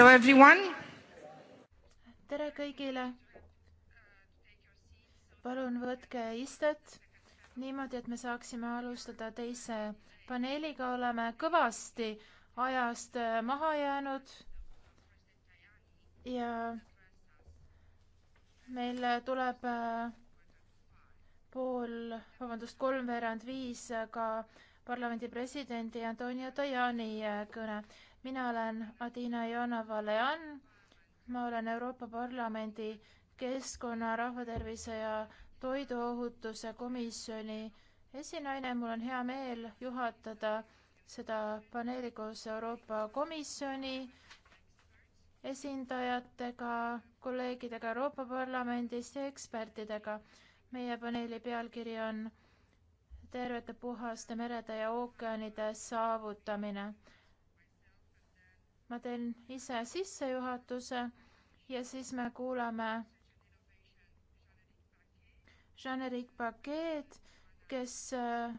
Hello everyone. tere kõigile. palun võtke istet niimoodi, et me saaksime alustada teise paneeliga, oleme kõvasti ajast äh, maha jäänud. ja meil tuleb äh, pool, vabandust, kolmveerand viis ka parlamendi presidendi Antonio Tajani äh, kõne mina olen Adina Jonova-Lean, ma olen Euroopa Parlamendi keskkonna, rahvatervise ja toiduohutuse komisjoni esinaine, mul on hea meel juhatada seda paneeli koos Euroopa Komisjoni esindajatega, kolleegidega Euroopa Parlamendist ja ekspertidega. meie paneeli pealkiri on tervete puhaste merede ja ookeanide saavutamine ma teen ise sissejuhatuse ja siis me kuulame Jean-Éric Paquet, kes äh,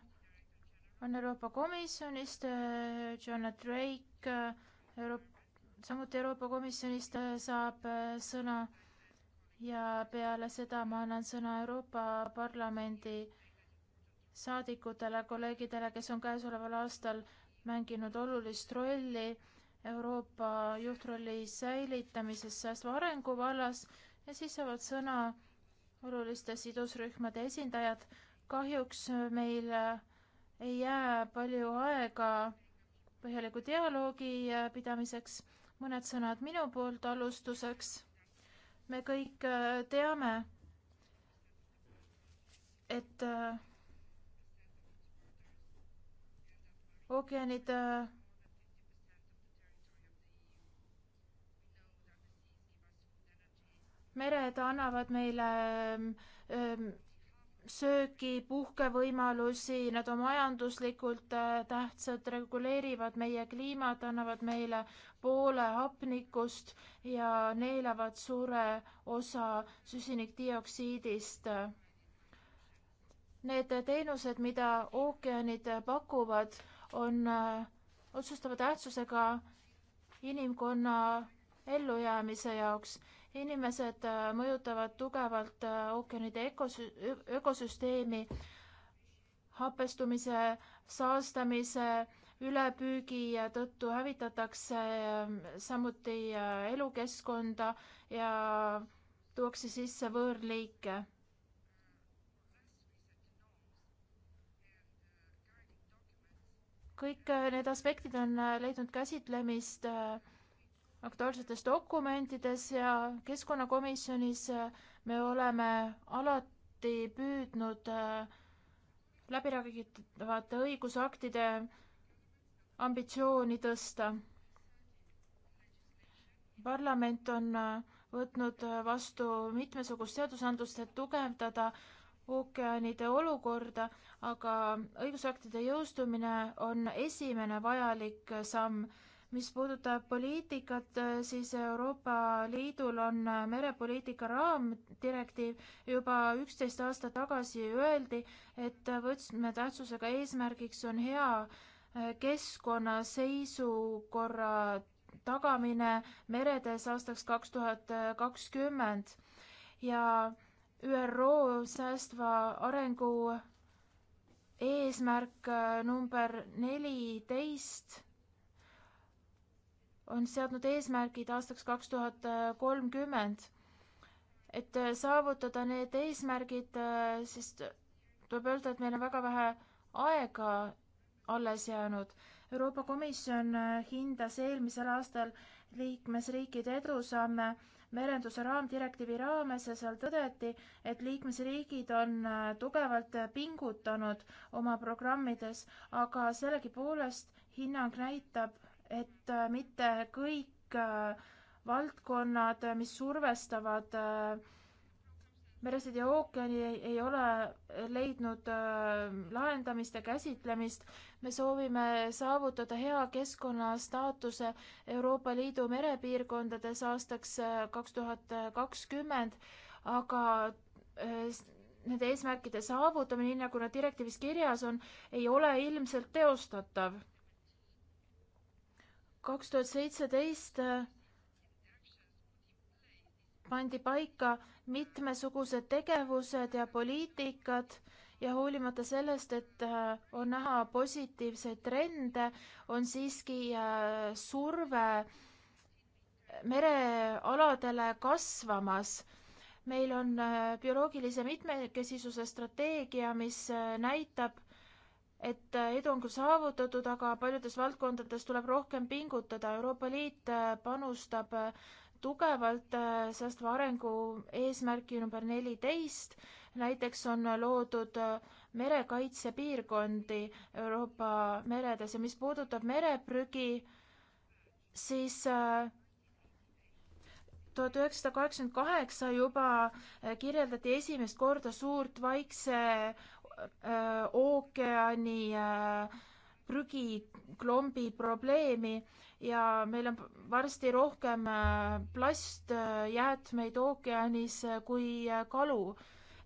on Euroopa Komisjonist, äh, Jonah Drake äh, Euroop-, samuti Euroopa Komisjonist saab sõna ja peale seda ma annan sõna Euroopa Parlamendi saadikutele, kolleegidele, kes on käesoleval aastal mänginud olulist rolli Euroopa juhtrolli säilitamises säästva arengu vallas ja siis saavad sõna oluliste sidusrühmade esindajad. kahjuks meil ei jää palju aega põhjaliku dialoogi pidamiseks. mõned sõnad minu poolt alustuseks. me kõik äh, teame, et äh, ookeanid äh, mered annavad meile öö, ähm, ähm, söögi, puhkevõimalusi, nad on majanduslikult äh, tähtsad, reguleerivad meie kliimat, annavad meile poole hapnikust ja neelavad suure osa süsinikdioksiidist. Need teenused, mida ookeanid pakuvad, on äh, otsustava tähtsusega inimkonna ellujäämise jaoks inimesed äh, mõjutavad tugevalt äh, ookeanide ökosü-, ökosüsteemi hapestumise, saastamise, ülepüügi tõttu hävitatakse ähm, samuti äh, elukeskkonda ja tuuakse sisse võõrliike. kõik need aspektid on leidnud käsitlemist äh, aktuaalsetes dokumentides ja keskkonnakomisjonis äh, me oleme alati püüdnud äh, läbiräägitavate õigusaktide ambitsiooni tõsta. parlament on äh, võtnud vastu mitmesugust seadusandlust, et tugevdada ookeanide olukorda, aga õigusaktide jõustumine on esimene vajalik samm mis puudutab poliitikat, äh, siis Euroopa Liidul on äh, merepoliitika raamdirektiiv. juba üksteist aastat tagasi öeldi, et võtmetähtsusega eesmärgiks on hea äh, keskkonnaseisukorra tagamine meredes aastaks kaks tuhat kakskümmend ja ÜRO säästva arengu eesmärk number neliteist on seadnud eesmärgid aastaks kaks tuhat kolmkümmend. et äh, saavutada need eesmärgid, äh, siis tuleb öelda, et meil on väga vähe aega alles jäänud. Euroopa Komisjon äh, hindas eelmisel aastal liikmesriikide edusamme merenduse raamdirektiivi raames ja seal tõdeti, et liikmesriigid on tugevalt pingutanud oma programmides, aga sellegipoolest hinnang näitab, et äh, mitte kõik äh, valdkonnad, äh, mis survestavad meresid ja ookeani, ei ole leidnud lahendamist ja käsitlemist. me soovime saavutada hea keskkonna staatuse Euroopa Liidu merepiirkondades aastaks kaks tuhat kakskümmend, aga nende eesmärkide saavutamine, nii nagu nad direktiivis kirjas on, ei ole ilmselt teostatav kaks tuhat seitseteist äh, pandi paika mitmesugused tegevused ja poliitikad ja hoolimata sellest, et äh, on näha positiivseid trende, on siiski äh, surve merealadele kasvamas. meil on bioloogilise mitmekesisuse strateegia, mis näitab, et äh, edu on küll saavutatud, aga paljudes valdkondades tuleb rohkem pingutada. Euroopa Liit äh, panustab äh, tugevalt säästva arengu eesmärki number neliteist. näiteks on loodud merekaitsepiirkondi Euroopa meredes ja mis puudutab mereprügi, siis tuhat üheksasada kaheksakümmend kaheksa juba kirjeldati esimest korda suurt Vaikse Äh, ookeani äh, prügiklombi probleemi ja meil on varsti rohkem äh, plastjäätmeid ookeanis kui kalu.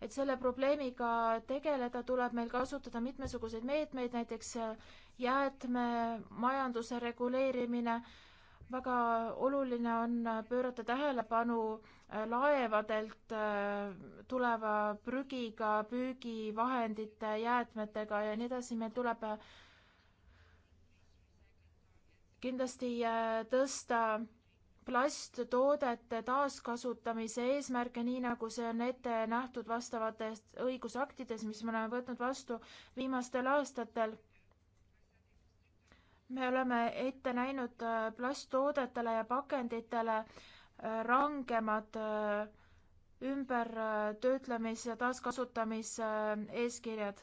et selle probleemiga tegeleda, tuleb meil kasutada mitmesuguseid meetmeid, näiteks jäätmemajanduse reguleerimine. väga oluline on pöörata tähelepanu laevadelt tuleva prügiga, püügivahendite, jäätmetega ja nii edasi, meil tuleb äh, kindlasti äh, tõsta plasttoodete taaskasutamise eesmärke, nii nagu see on ette nähtud vastavates õigusaktides, mis me oleme võtnud vastu viimastel aastatel. me oleme ette näinud äh, plasttoodetele ja pakenditele rangemad äh, ümbertöötlemis- ja taaskasutamise äh, eeskirjad.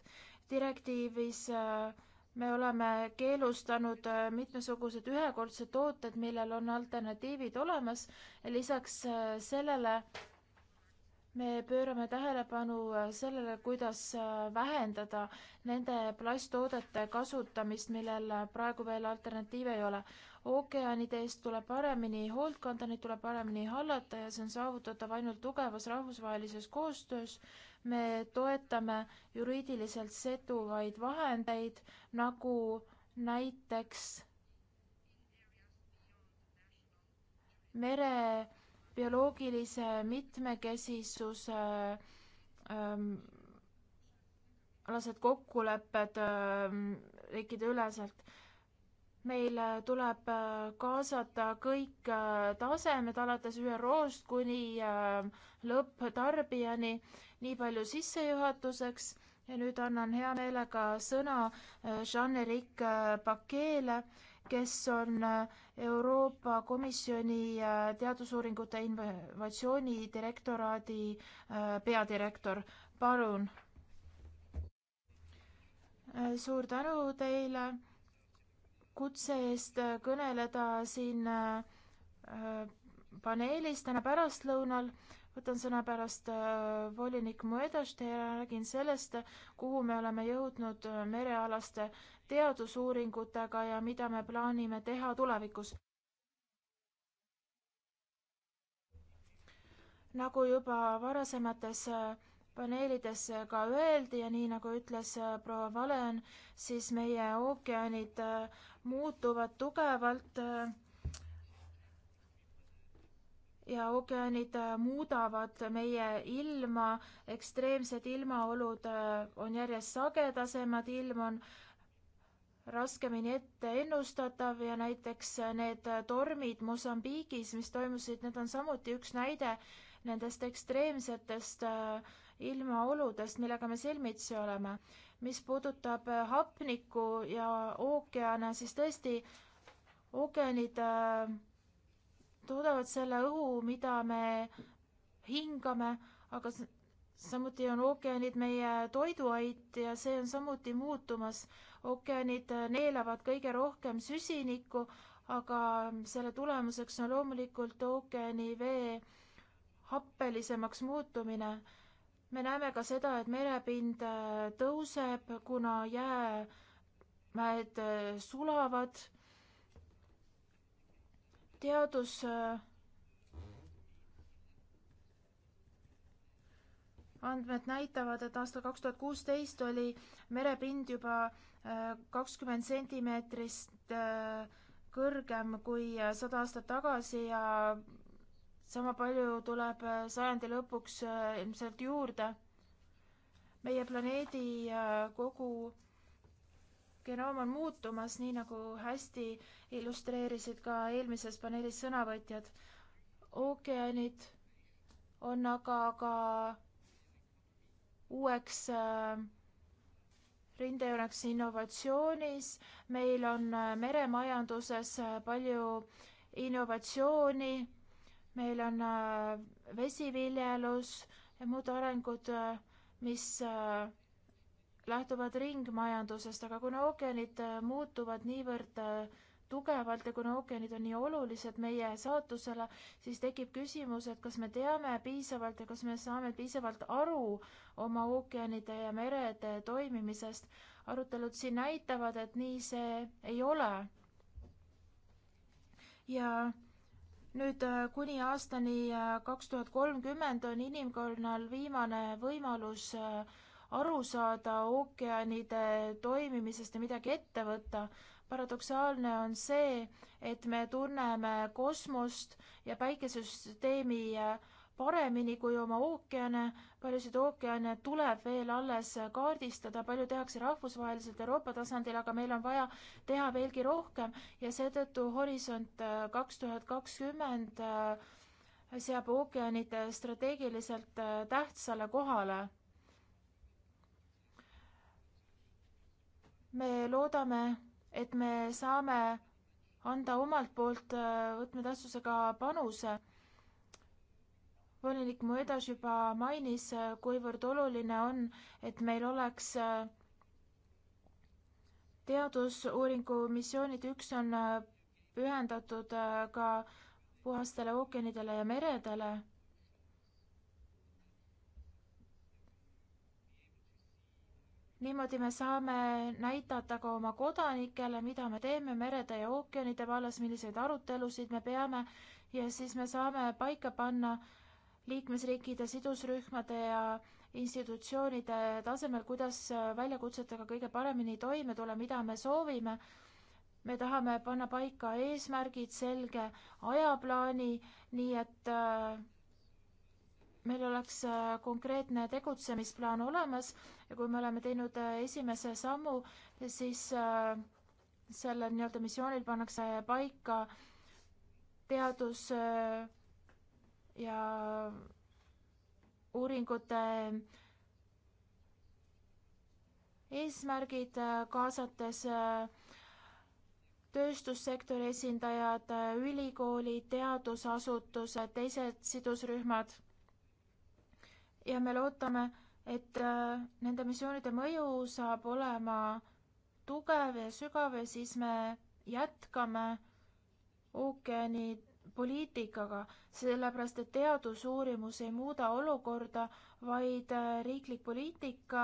direktiivis äh, me oleme keelustanud äh, mitmesugused ühekordsed tooted, millel on alternatiivid olemas. lisaks sellele me pöörame tähelepanu sellele, kuidas vähendada nende plasttoodete kasutamist, millel praegu veel alternatiive ei ole ookeanide eest tuleb paremini hoolt kanda, neid tuleb paremini hallata ja see on saavutatav ainult tugevas rahvusvahelises koostöös. me toetame juriidiliselt seduvaid vahendeid nagu näiteks mere bioloogilise mitmekesisuse ähm, alased kokkulepped ähm, riikide üleselt meil tuleb äh, kaasata kõik äh, tasemed alates ÜRO-st kuni äh, lõpptarbijani. nii palju sissejuhatuseks ja nüüd annan hea meelega sõna Jean-Éric Paquet'le, kes on Euroopa Komisjoni teadusuuringute innovatsiooni direktoraadi peadirektor. palun. suur tänu teile kutse eest äh, kõneleda siin äh, äh, paneelis täna pärastlõunal. võtan sõna pärast volinik Moedast ja räägin sellest, kuhu me oleme jõudnud merealaste teadusuuringutega ja mida me plaanime teha tulevikus. nagu juba varasemates paneelides ka öeldi ja nii nagu ütles äh, proua Valen, siis meie ookeanid äh, muutuvad tugevalt. Äh, ja ookeanid muudavad meie ilma, ekstreemsed ilmaolud on järjest sagedasemad, ilm on raskemini ette ennustatav ja näiteks need tormid Mosambiigis, mis toimusid, need on samuti üks näide nendest ekstreemsetest äh, ilma oludest, millega me silmitsi oleme. mis puudutab äh, hapnikku ja ookeane, siis tõesti, ookeanid äh, toodavad selle õhu, mida me hingame, aga samuti on ookeanid meie toiduait ja see on samuti muutumas. ookeanid äh, neelavad kõige rohkem süsinikku, aga ähm, selle tulemuseks on loomulikult ookeani vee happelisemaks muutumine me näeme ka seda, et merepind äh, tõuseb, kuna jäämäed äh, sulavad. teadus äh, andmed näitavad, et aastal kaks tuhat kuusteist oli merepind juba kakskümmend sentimeetrist kõrgem kui sada aastat tagasi ja sama palju tuleb äh, sajandi lõpuks äh, ilmselt juurde. meie planeedi äh, kogu genoom on muutumas, nii nagu hästi illustreerisid ka eelmises paneelis sõnavõtjad. ookeanid on aga ka uueks rindejooneks innovatsioonis, meil on meremajanduses palju innovatsiooni meil on äh, vesiviljelus ja muud arengud, äh, mis äh, lähtuvad ringmajandusest, aga kuna ookeanid muutuvad niivõrd tugevalt ja kuna ookeanid on nii olulised meie saatusele, siis tekib küsimus, et kas me teame piisavalt ja kas me saame piisavalt aru oma ookeanide ja merede toimimisest. arutelud siin näitavad, et nii see ei ole. ja nüüd äh, kuni aastani äh, kaks tuhat kolmkümmend on inimkonnal viimane võimalus äh, aru saada ookeanide toimimisest ja midagi ette võtta. paradoksaalne on see, et me tunneme kosmost ja päikesesüsteemi paremini kui oma ookeane, paljusid ookeane tuleb veel alles kaardistada, palju tehakse rahvusvaheliselt Euroopa tasandil, aga meil on vaja teha veelgi rohkem ja seetõttu Horisont äh, kaks tuhat kakskümmend äh, seab ookeanid äh, strateegiliselt tähtsale kohale. me loodame, et me saame anda omalt poolt võtmetähtsusega panuse volinik Moedas juba mainis, kuivõrd oluline on, et meil oleks äh, teadusuuringu missioonid, üks on äh, pühendatud äh, ka puhastele ookeanidele ja meredele. niimoodi me saame näidata ka oma kodanikele, mida me teeme merede ja ookeanide vallas, milliseid arutelusid me peame ja siis me saame paika panna äh, liikmesriikide sidusrühmade ja institutsioonide tasemel, kuidas väljakutsetega kõige paremini toime tulla, mida me soovime. me tahame panna paika eesmärgid, selge ajaplaani, nii et äh, meil oleks äh, konkreetne tegutsemisplaan olemas ja kui me oleme teinud äh, esimese sammu, siis sellel nii-öelda missioonil pannakse paika teadus- ja uuringute eesmärgid, äh, kaasates äh, tööstussektori esindajad, äh, ülikoolid, teadusasutused, teised sidusrühmad. ja me loodame, et nende missioonide mõju saab olema tugev ja sügav ja siis me jätkame ookeanid poliitikaga, sellepärast et teadusuurimus ei muuda olukorda, vaid äh, riiklik poliitika,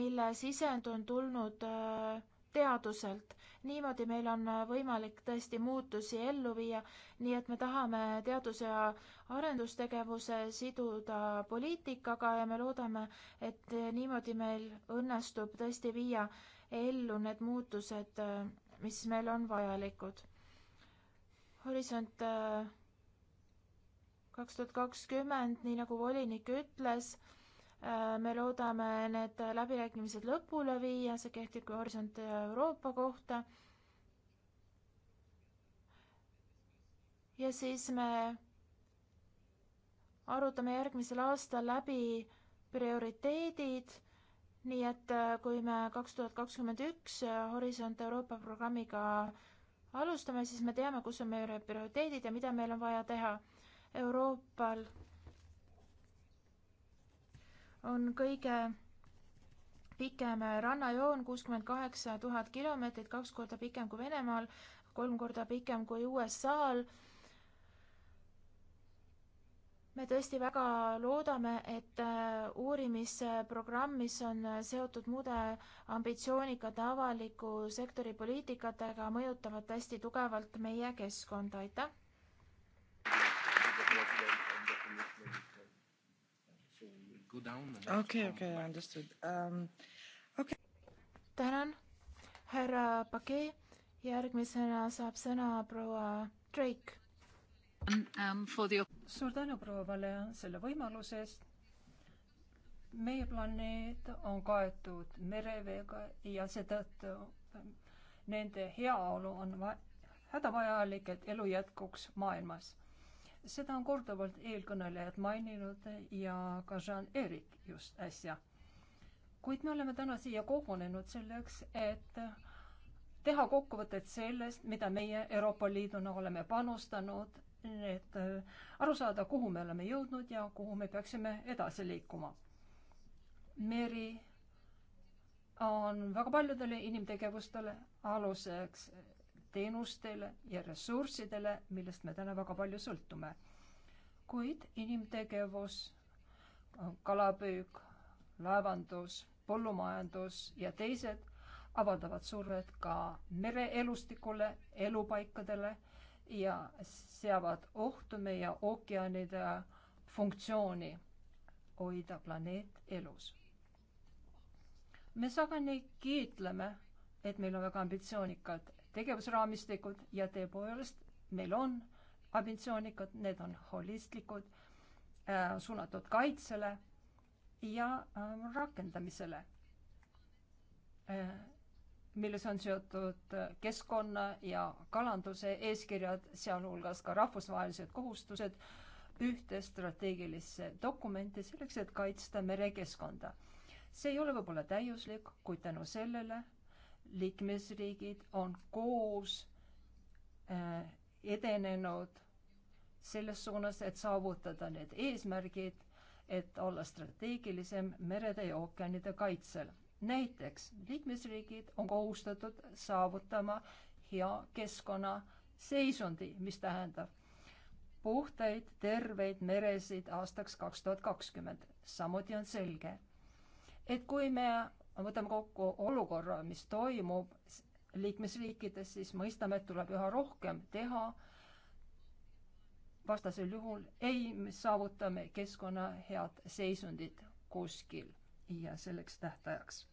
mille sisend on tulnud äh, teaduselt. niimoodi meil on äh, võimalik tõesti muutusi ellu viia, nii et me tahame teadus- ja arendustegevuse siduda poliitikaga ja me loodame, et niimoodi meil õnnestub tõesti viia ellu need muutused, mis meil on vajalikud Horisont äh, kaks tuhat kakskümmend, nii nagu volinik ütles, äh, me loodame need läbirääkimised lõpule viia, see kehtib ka Horisont Euroopa kohta. ja siis me arutame järgmisel aastal läbi prioriteedid, nii et äh, kui me kaks tuhat kakskümmend üks Horisont Euroopa programmiga alustame, siis me teame, kus on meie prioriteedid ja mida meil on vaja teha. Euroopal on kõige pikem rannajoon, kuuskümmend kaheksa tuhat kilomeetrit, kaks korda pikem kui Venemaal, kolm korda pikem kui USA-l me tõesti väga loodame, et äh, uurimisprogramm, mis on äh, seotud muude ambitsioonikate avaliku sektori poliitikatega, mõjutavad hästi tugevalt meie keskkonda, aitäh! okei, okei, understood um,. Okay. tänan, härra Pake, järgmisena saab sõna proua Drake Um, um, suur tänu proua Valean selle võimaluse eest. meie planeet on kaetud mereveega ja seetõttu nende heaolu on hädavajalik, et elu jätkuks maailmas. seda on korduvalt eelkõnelejad maininud ja ka Jean-Eric just äsja. kuid me oleme täna siia kogunenud selleks, et teha kokkuvõtet sellest, mida meie Euroopa Liiduna oleme panustanud et äh, aru saada, kuhu me oleme jõudnud ja kuhu me peaksime edasi liikuma. meri on väga paljudele inimtegevustele aluseks teenustele ja ressurssidele, millest me täna väga palju sõltume. kuid inimtegevus, kalapüük, laevandus, põllumajandus ja teised avaldavad survet ka mereelustikule, elupaikadele ja seavad ohtu meie ookeanide funktsiooni hoida planeet elus. me sageli kiitleme, et meil on väga ambitsioonikad tegevusraamistikud ja tõepoolest meil on ambitsioonikad, need on holistlikud äh,, suunatud kaitsele ja äh, rakendamisele äh, milles on seotud keskkonna ja kalanduse eeskirjad, sealhulgas ka rahvusvahelised kohustused, ühte strateegilisse dokumenti selleks, et kaitsta merekeskkonda. see ei ole võib-olla täiuslik, kuid tänu sellele liikmesriigid on koos äh, edenenud selles suunas, et saavutada need eesmärgid, et olla strateegilisem merede ja ookeanide kaitsel näiteks liikmesriigid on kohustatud saavutama hea keskkonnaseisundi, mis tähendab puhtaid, terveid meresid aastaks kaks tuhat kakskümmend. samuti on selge, et kui me võtame kokku olukorra, mis toimub liikmesriikides, siis mõistame, et tuleb üha rohkem teha. vastasel juhul ei saavuta me keskkonna head seisundit kuskil ja selleks tähtajaks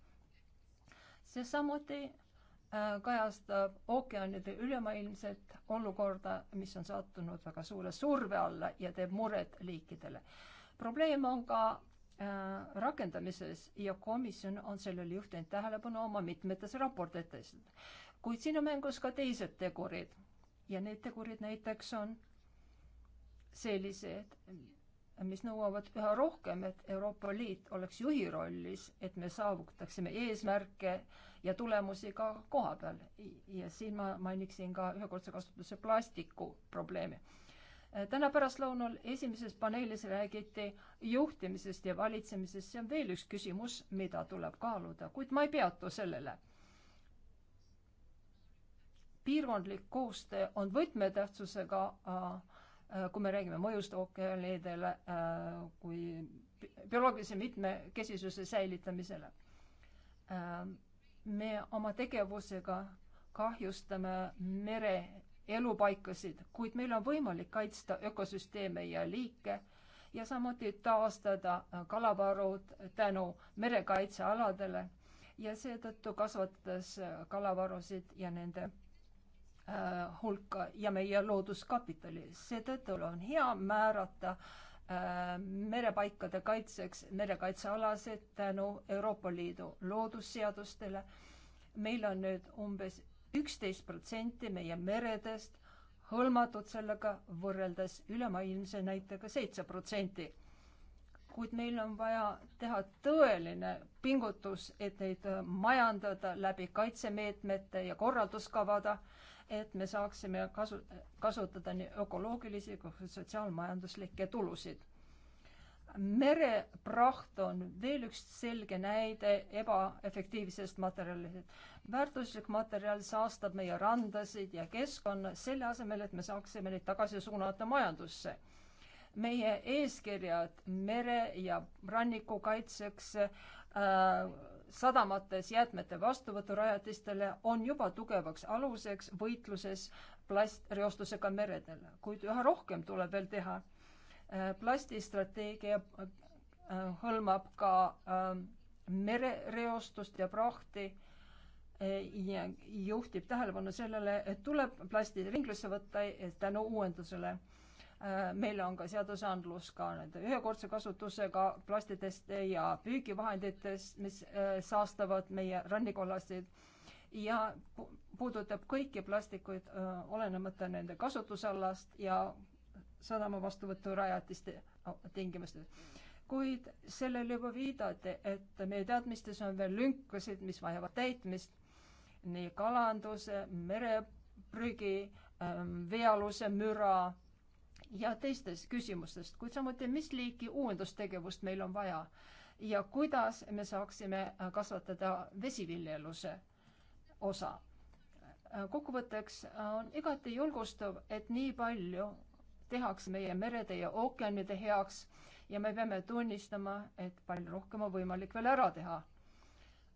see samuti äh, kajastab ookeanide ülemaailmset olukorda, mis on sattunud väga suure surve alla ja teeb muret liikidele. probleem on ka äh, rakendamises ja komisjon on sellele juhtinud tähelepanu oma mitmetes raportites. kuid siin on mängus ka teised tegurid ja need tegurid näiteks on sellised, mis nõuavad üha rohkem, et Euroopa Liit oleks juhi rollis, et me saavutaksime eesmärke ja tulemusi ka koha peal. ja siin ma mainiksin ka ühekordse kasutuse plastiku probleemi. täna pärastlõunal esimeses paneelis räägiti juhtimisest ja valitsemisest, see on veel üks küsimus, mida tuleb kaaluda, kuid ma ei peatu sellele piirkondlik koostöö on võtmetähtsusega äh, Äh, kui me räägime mõjust ookeanidele äh, kui bioloogilise mitmekesisuse säilitamisele. Äh, me oma tegevusega kahjustame mere elupaikasid, kuid meil on võimalik kaitsta ökosüsteeme ja liike ja samuti taastada kalavarud tänu merekaitsealadele ja seetõttu kasvatades kalavarusid ja nende Äh, hulka ja meie looduskapitali. seetõttu on hea määrata äh, merepaikade kaitseks merekaitsealased tänu Euroopa Liidu loodusseadustele. meil on nüüd umbes üksteist protsenti meie meredest hõlmatud sellega, võrreldes ülemaailmse näitega seitse protsenti. kuid meil on vaja teha tõeline pingutus, et neid majandada läbi kaitsemeetmete ja korralduskavada et me saaksime kasu, kasutada nii ökoloogilisi kui sotsiaalmajanduslikke tulusid. merepraht on veel üks selge näide ebaefektiivsest materjalist. väärtuslik materjal saastab meie randasid ja keskkonna, selle asemel, et me saaksime neid tagasi suunata majandusse meie eeskirjad mere ja ranniku kaitseks äh, sadamates jäätmete vastuvõturajatistele on juba tugevaks aluseks võitluses plastreostusega meredel, kuid üha rohkem tuleb veel teha. Äh, plastistrateegia äh, hõlmab ka äh, merereostust ja prahti ja juhtib tähelepanu sellele, et tuleb plasti ringlusse võtta tänu uuendusele Äh, meil on ka seadusandlus ka nende ühekordse kasutusega plastidest ja püügivahenditest, mis äh, saastavad meie rannikollasid ja puudutab kõiki plastikuid, äh, olenemata nende kasutusalast ja sadama vastuvõturajatiste tingimustes. kuid sellele juba viidati, et meie teadmistes on veel lünkasid, mis vajavad täitmist, nii kalanduse, mereprügi, ähm, veealuse müra ja teistes küsimustest, kuid samuti, mis liiki uuendustegevust meil on vaja ja kuidas me saaksime kasvatada vesiviljeluse osa. kokkuvõtteks on igati julgustav, et nii palju tehakse meie merede ja ookeanide heaks ja me peame tunnistama, et palju rohkem on võimalik veel ära teha.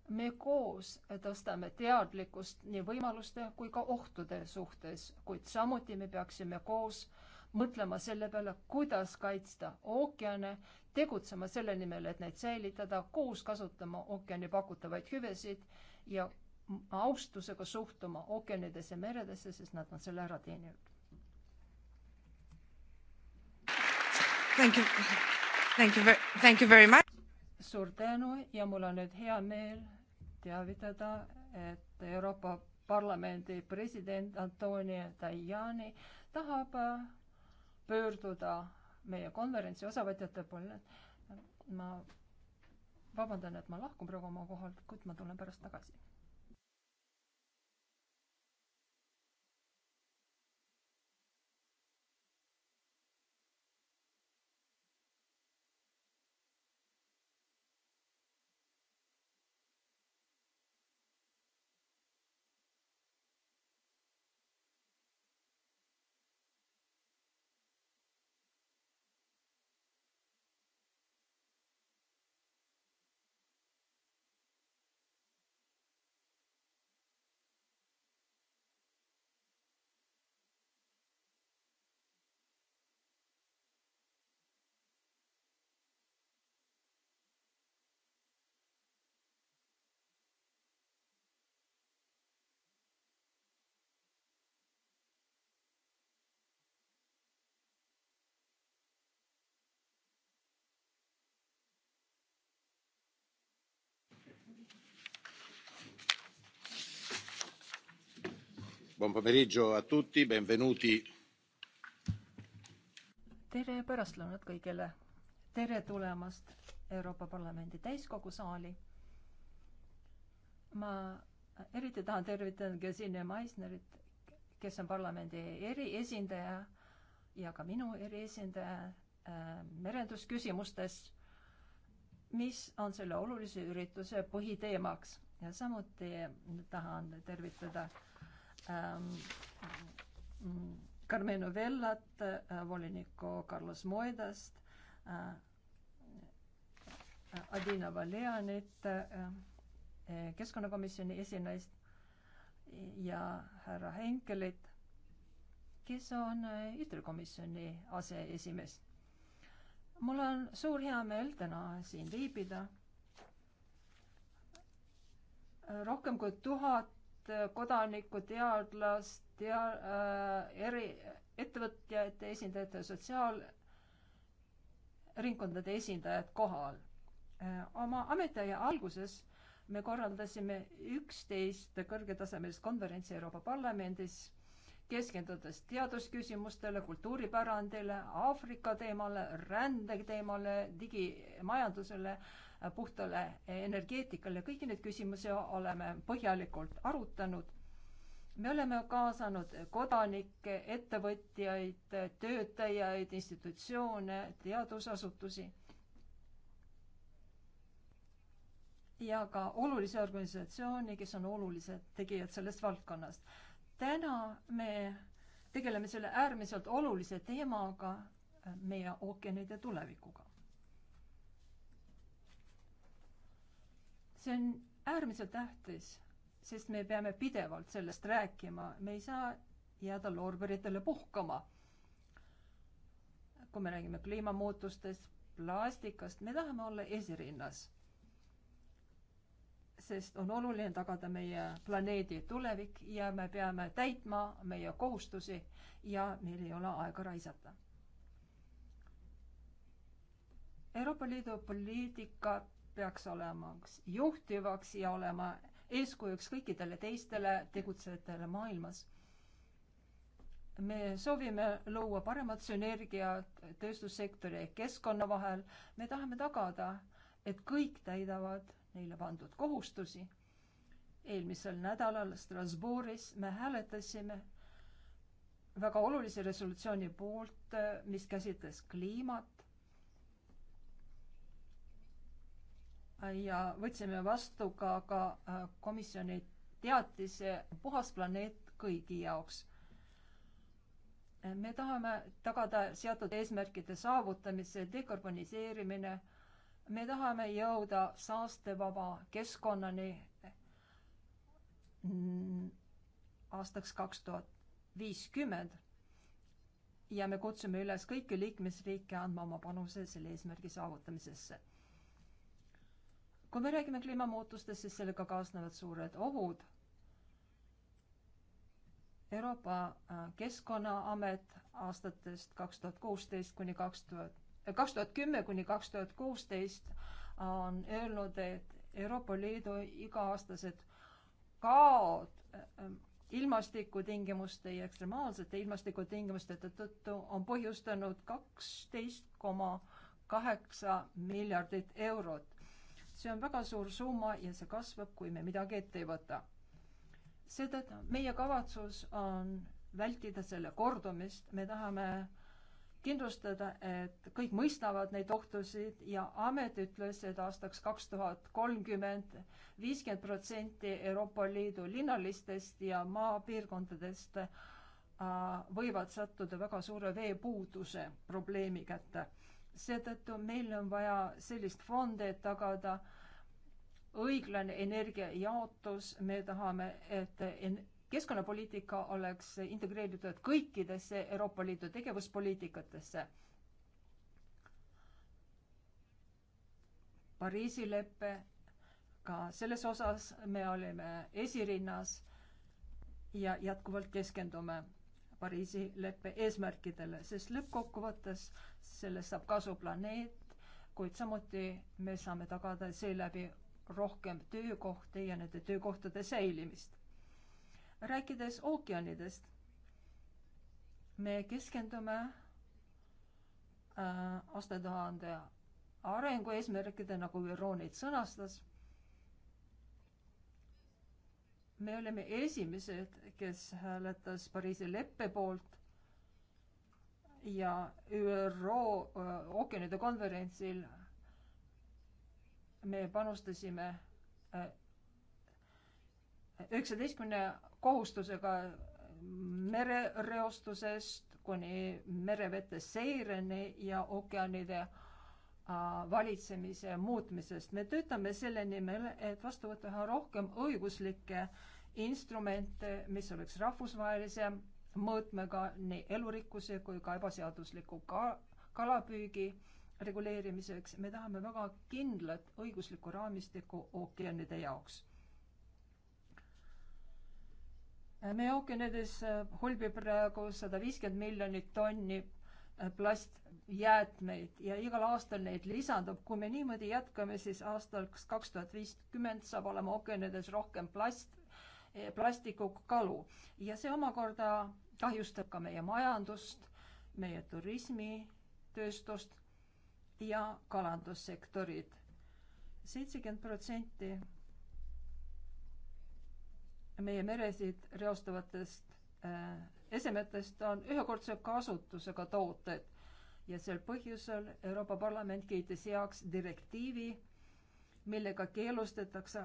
me koos tõstame teadlikkust nii võimaluste kui ka ohtude suhtes, kuid samuti me peaksime koos äh, mõtlema selle peale, kuidas kaitsta ookeane, tegutsema selle nimel, et neid säilitada, koos kasutama ookeani pakutavaid hüvesid ja austusega suhtuma ookeanidesse, meredesse, sest nad on selle ära teeninud. Thank you, thank you, thank you very much. suur tänu ja mul on nüüd hea meel teavitada, et Euroopa Parlamendi president Antoni Tajani tahab pöörduda meie konverentsi osavõtjate poole. ma vabandan, et ma lahkun praegu oma kohalt, kuid ma tulen pärast tagasi buon pomeriggio a tutti, benvenuti. tere pärastlõunat kõigile. tere tulemast Euroopa Parlamendi täiskogu saali. ma eriti tahan tervitada Gesine Meissnerit, kes on parlamendi eriesindaja ja ka minu eriesindaja äh, merendusküsimustes, mis on selle olulise ürituse põhiteemaks ja samuti tahan tervitada äh, ähm, Carmenu Vellat äh,, voliniku Carlos Moedast äh,, äh Adina Valeanit äh, äh,, keskkonnakomisjoni esinaist ja härra Henkelit, kes on ITRE-komisjoni äh, aseesimees. mul on suur heameel täna siin viibida. rohkem kui tuhat Äh, kodanikku, teadlast, tea- äh,, eri, ettevõtjate esindajate, sotsiaalringkondade esindajad kohal äh,. oma ametiaja alguses me korraldasime üksteist kõrgetasemelist konverentsi Euroopa Parlamendis keskendudes teadusküsimustele, kultuuripärandile, Aafrika teemale, rände teemale, digimajandusele, puhtale energeetikale, kõiki neid küsimusi oleme põhjalikult arutanud. me oleme kaasanud kodanikke, ettevõtjaid, töötajaid, institutsioone, teadusasutusi ja ka olulisi organisatsioone, kes on olulised tegijad selles valdkonnas täna me tegeleme selle äärmiselt olulise teemaga, äh, meie ookeanide tulevikuga. see on äärmiselt tähtis, sest me peame pidevalt sellest rääkima, me ei saa jääda loorberitele puhkama. kui me räägime kliimamuutustest, plastikast, me tahame olla esirinnas sest on oluline tagada meie planeedi tulevik ja me peame täitma meie kohustusi ja meil ei ole aega raisata. Euroopa Liidu poliitika peaks olema juhtivaks ja olema eeskujuks kõikidele teistele tegutsejatele maailmas. me soovime luua paremat sünergiat tööstussektori ja keskkonna vahel. me tahame tagada, et kõik täidavad neile pandud kohustusi. eelmisel nädalal Strasbourgis me hääletasime väga olulise resolutsiooni poolt, mis käsitles kliimat. ja võtsime vastu ka, ka äh, komisjoni teatise Puhas planeet kõigi jaoks me tahame tagada seatud eesmärkide saavutamise, dekarboniseerimine me tahame jõuda saastevaba keskkonnani aastaks kaks tuhat viiskümmend. ja me kutsume üles kõiki liikmesriike andma oma panuse selle eesmärgi saavutamisesse. kui me räägime kliimamuutustest, siis sellega kaasnevad suured ohud. Euroopa äh, Keskkonnaamet aastatest kaks tuhat kuusteist kuni kaks tuhat kaks tuhat kümme kuni kaks tuhat kuusteist on öelnud, et Euroopa Liidu iga-aastased kaod ähm, ilmastikutingimuste ja ekstremaalsete ilmastikutingimuste tõttu on põhjustanud kaksteist koma kaheksa miljardit eurot. see on väga suur summa ja see kasvab, kui me midagi ette ei võta. seetõttu meie kavatsus on vältida selle kordumist, me tahame äh, kindlustada, et kõik mõistavad neid ohtusid ja amet ütles, et aastaks kaks tuhat kolmkümmend viiskümmend protsenti Euroopa Liidu linnalistest ja maapiirkondadest äh, võivad sattuda väga suure veepuuduse probleemi kätte. seetõttu meil on vaja sellist fondi, et tagada õiglane energiajaotus, me tahame, et keskkonnapoliitika oleks integreeritud kõikidesse Euroopa Liidu tegevuspoliitikatesse. Pariisi lepe, ka selles osas me olime esirinnas ja jätkuvalt keskendume Pariisi leppe eesmärkidele, sest lõppkokkuvõttes sellest saab kasu planeet, kuid samuti me saame tagada seeläbi rohkem töökohti ja nende töökohtade säilimist rääkides ookeanidest, me keskendume äh, aastatuhande arengueesmärkide, nagu ÜRO neid sõnastas. me olime esimesed, kes hääletas Pariisi leppe poolt ja ÜRO äh, ookeanide konverentsil me panustasime äh, üheksateistkümne kohustusega merereostusest kuni merevete seireni ja ookeanide äh, valitsemise muutmisest. me töötame selle nimel, et vastu võtta üha rohkem õiguslikke instrumente, mis oleks rahvusvahelise mõõtmega nii elurikkuse kui ka ebaseadusliku ka kalapüügi reguleerimiseks. me tahame väga kindlat õiguslikku raamistikku ookeanide jaoks meie ookeanides hulbib äh, praegu sada viiskümmend miljonit tonni äh, plastjäätmeid ja igal aastal neid lisandub. kui me niimoodi jätkame, siis aastaks kaks tuhat viiskümmend saab olema ookeanides rohkem plast, eh, plastikukalu ja see omakorda kahjustab ka meie majandust, meie turismitööstust ja kalandussektorit. seitsekümmend protsenti meie meresid reostavatest äh, esemetest on ühekordse kasutusega tooted ja sel põhjusel Euroopa Parlament kiitis heaks direktiivi, millega keelustatakse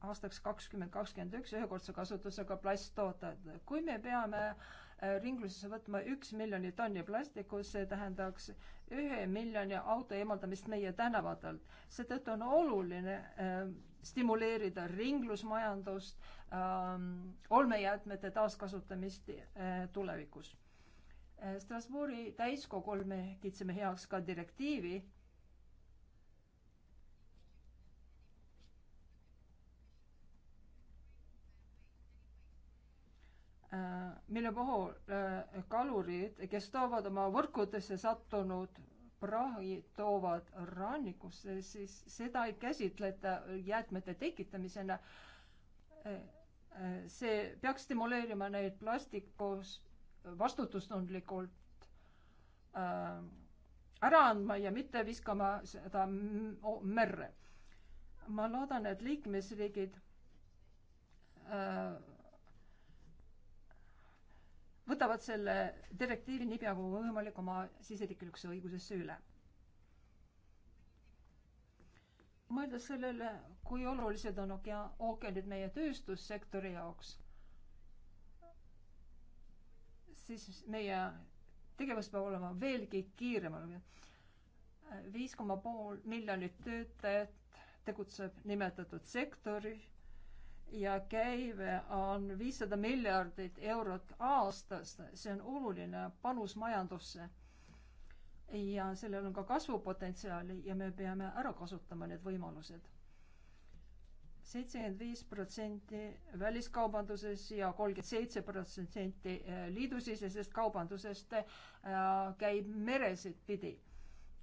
aastaks kakskümmend kakskümmend üks ühekordse kasutusega plasttooted. kui me peame äh, ringlusesse võtma üks miljoni tonni plastikut, see tähendaks ühe miljoni auto eemaldamist meie tänavatelt. seetõttu on oluline äh, stimuleerida ringlusmajandust äh,, olmejäätmete taaskasutamist äh, tulevikus. Äh, Strasbourgi täiskogul me kiitsime heaks ka direktiivi Äh, mille puhul äh, kalurid, kes toovad oma võrkudesse sattunud prahi, toovad rannikusse, siis seda ei käsitleta jäätmete tekitamisena. Äh, see peaks stimuleerima neid plastikus vastutustundlikult ära andma ja mitte viskama seda merre. ma loodan, et liikmesriigid võtavad selle direktiivi niipea kui võimalik oma siseriiklikusse õigusesse üle. mõeldes sellele, kui olulised on okea-, ookeanid meie tööstussektori jaoks, siis meie tegevus peab olema veelgi kiiremal. viis koma pool miljonit töötajat tegutseb nimetatud sektoris ja käive on viissada miljardit eurot aastas, see on oluline panus majandusse. ja sellel on ka kasvupotentsiaali ja me peame ära kasutama need võimalused. seitsekümmend viis protsenti väliskaubanduses ja kolmkümmend seitse protsenti eh, liidusisesest kaubandusest eh, käib meresid pidi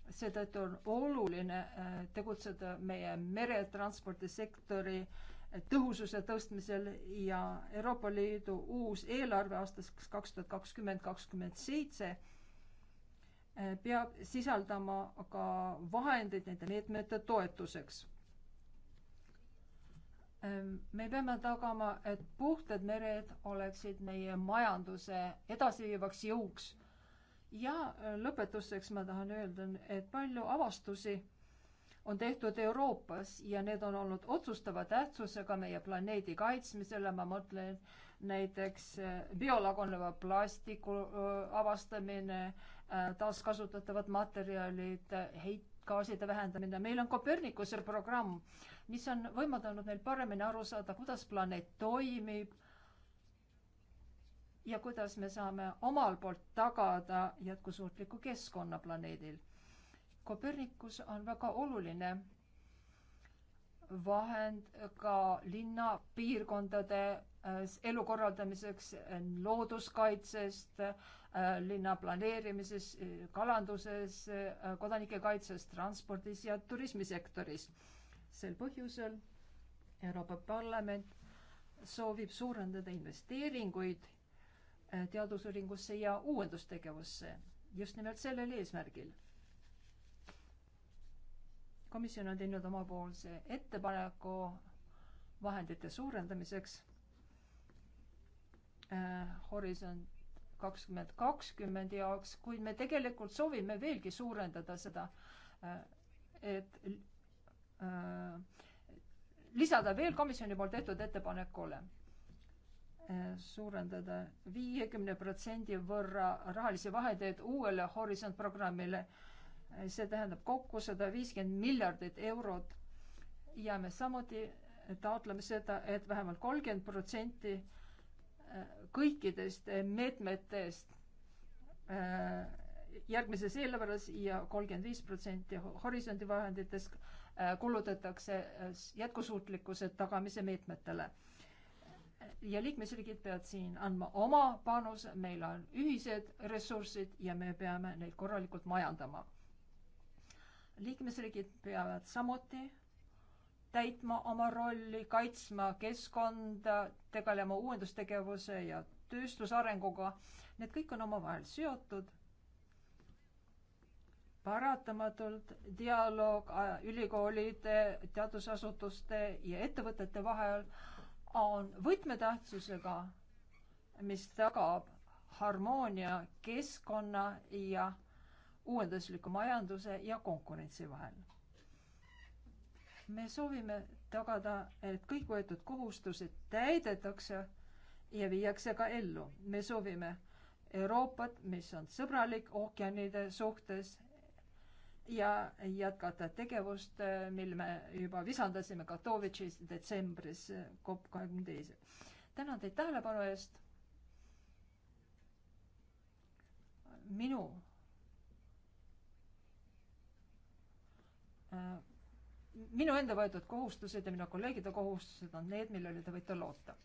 seetõttu on oluline eh, tegutseda meie meretranspordisektori äh, tõhususe tõstmisel ja Euroopa Liidu uus eelarve aastaks kaks tuhat kakskümmend, kakskümmend seitse eh, peab sisaldama ka vahendeid nende meetmete toetuseks. Ehm, me peame tagama, et puhtad mered oleksid meie majanduse edasiviivaks jõuks. ja lõpetuseks ma tahan öelda, et palju avastusi on tehtud Euroopas ja need on olnud otsustava tähtsusega meie planeedi kaitsmisele, ma mõtlen näiteks äh, biolaguneva plastiku äh, avastamine, äh, taaskasutatavad materjalid, heitgaaside vähendamine, meil on Kopernikuse programm, mis on võimaldanud meil paremini aru saada, kuidas planeet toimib ja kuidas me saame omalt poolt tagada jätkusuutliku keskkonna planeedil Kopernikus on väga oluline vahend ka linna piirkondade äh, elu korraldamiseks, äh, looduskaitsest, äh, linna planeerimises, kalanduses, kodanike kaitses, transpordis ja turismisektoris. sel põhjusel Euroopa Parlament soovib suurendada investeeringuid teadusuuringusse ja uuendustegevusse just nimelt sellel eesmärgil komisjon on teinud omapoolse ettepaneku vahendite suurendamiseks äh, Horisont kakskümmend kakskümmend jaoks, kuid me tegelikult soovime veelgi suurendada seda äh,, et äh, lisada veel komisjoni poolt tehtud ettepanekule äh, suurendada viiekümne protsendi võrra rahalisi vahendeid uuele Horisont programmile äh, see tähendab kokku sada viiskümmend miljardit eurot ja me samuti taotleme seda, et vähemalt kolmkümmend protsenti äh, kõikidest äh, meetmetest äh, järgmises eelarves ja kolmkümmend viis protsenti horisondi vahenditest kulutatakse jätkusuutlikkuse tagamise meetmetele. ja liikmesriigid peavad siin andma oma panuse, meil on ühised ressursid ja me peame neid korralikult majandama liikmesriigid peavad samuti täitma oma rolli, kaitsma keskkonda, tegelema uuendustegevuse ja tööstusarenguga. Need kõik on omavahel seotud. paratamatult dialoog äh, ülikoolide, teadusasutuste ja ettevõtete vahel on võtmetähtsusega, mis tagab harmoonia keskkonna ja uuendusliku majanduse ja konkurentsi vahel. me soovime tagada, et kõik võetud kohustused täidetakse ja viiakse ka ellu. me soovime Euroopat, mis on sõbralik ookeanide suhtes ja jätkata tegevust, mil me juba visandasime Katowicis detsembris COP kahekümne teise. tänan teid tähelepanu eest. minu Äh, minu enda võetud kohustused ja minu kolleegide kohustused on need, millele te võite loota.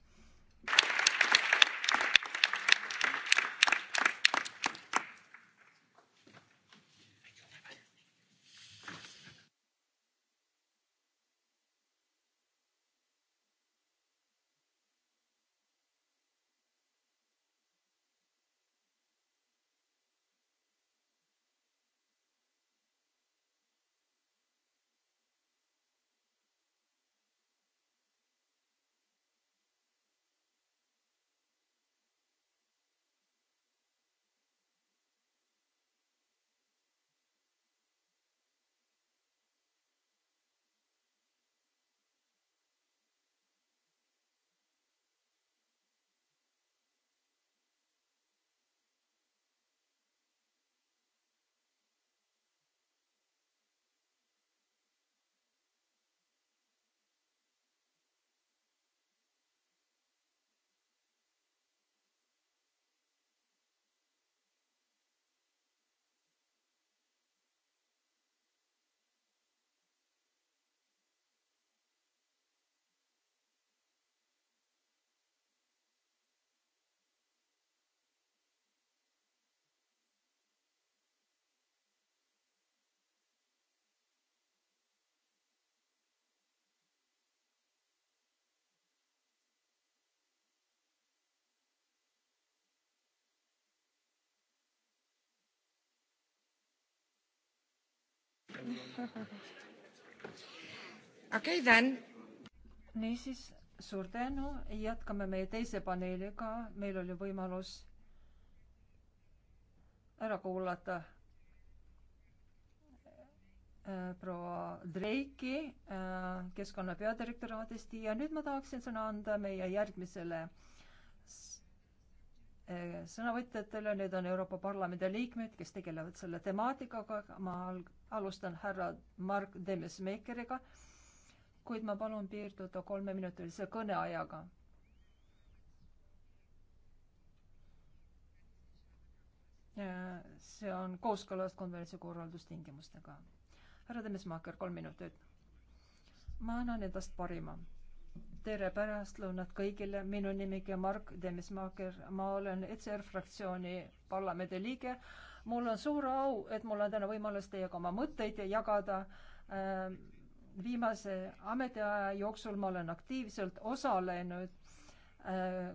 okei okay,, Dan. niisiis, suur tänu, jätkame meie teise paneeliga, meil oli võimalus ära kuulata äh, proua Dreiki äh, keskkonna peadirektoraadist ja nüüd ma tahaksin sõna anda meie järgmisele äh, sõnavõtjatele, need on Euroopa Parlamendi liikmed, kes tegelevad selle temaatikaga, ma alg-, alustan härra Mark Demesmeikeriga, kuid ma palun piirduda kolmeminutilise kõneajaga. see on kooskõlas konverentsi korraldustingimustega. härra Demesmaaker, kolm minutit. ma annan endast parima tere pärastlõunat kõigile, minu nimi on Mark Demismaaker, ma olen ECR fraktsiooni parlamendi liige mul on suur au, et mul on täna võimalus teiega oma mõtteid jagada. Äh, viimase ametiaja jooksul ma olen aktiivselt osalenud äh,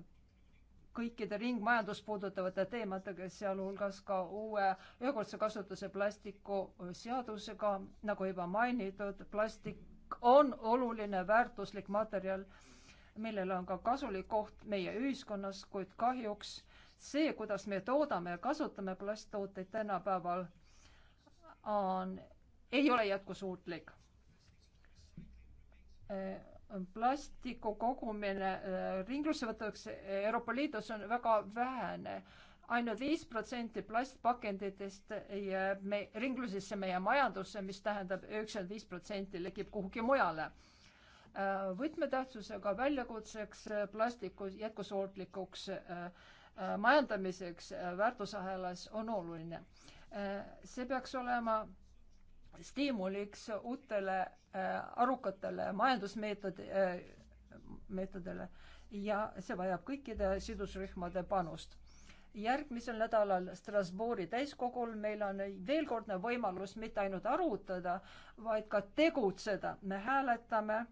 kõikide ringmajandust puudutavate teemadega, sealhulgas ka uue ühekordse kasutuse plastiku seadusega, nagu juba mainitud, plastik on oluline väärtuslik materjal, millel on ka kasulik koht meie ühiskonnas, kuid kahjuks see, kuidas me toodame ja kasutame plasttooteid tänapäeval, on, ei ole jätkusuutlik. Äh, plastiku kogumine äh, ringlussevõtuks Euroopa Liidus on väga vähene ainult viis protsenti plastpakenditest jääb me ringlusesse meie majandusse, mis tähendab üheksakümmend viis protsenti lekib kuhugi mujale. Äh, võtmetähtsusega väljakutseks plastiku jätkusuutlikuks Äh, majandamiseks äh, väärtusahelas on oluline. Äh, see peaks olema stiimuliks uutele arukatele majandusmeetod-, meetodile ja see vajab kõikide sidusrühmade panust. järgmisel nädalal Strasbourgi täiskogul meil on veelkordne võimalus mitte ainult arutada, vaid ka tegutseda. me hääletame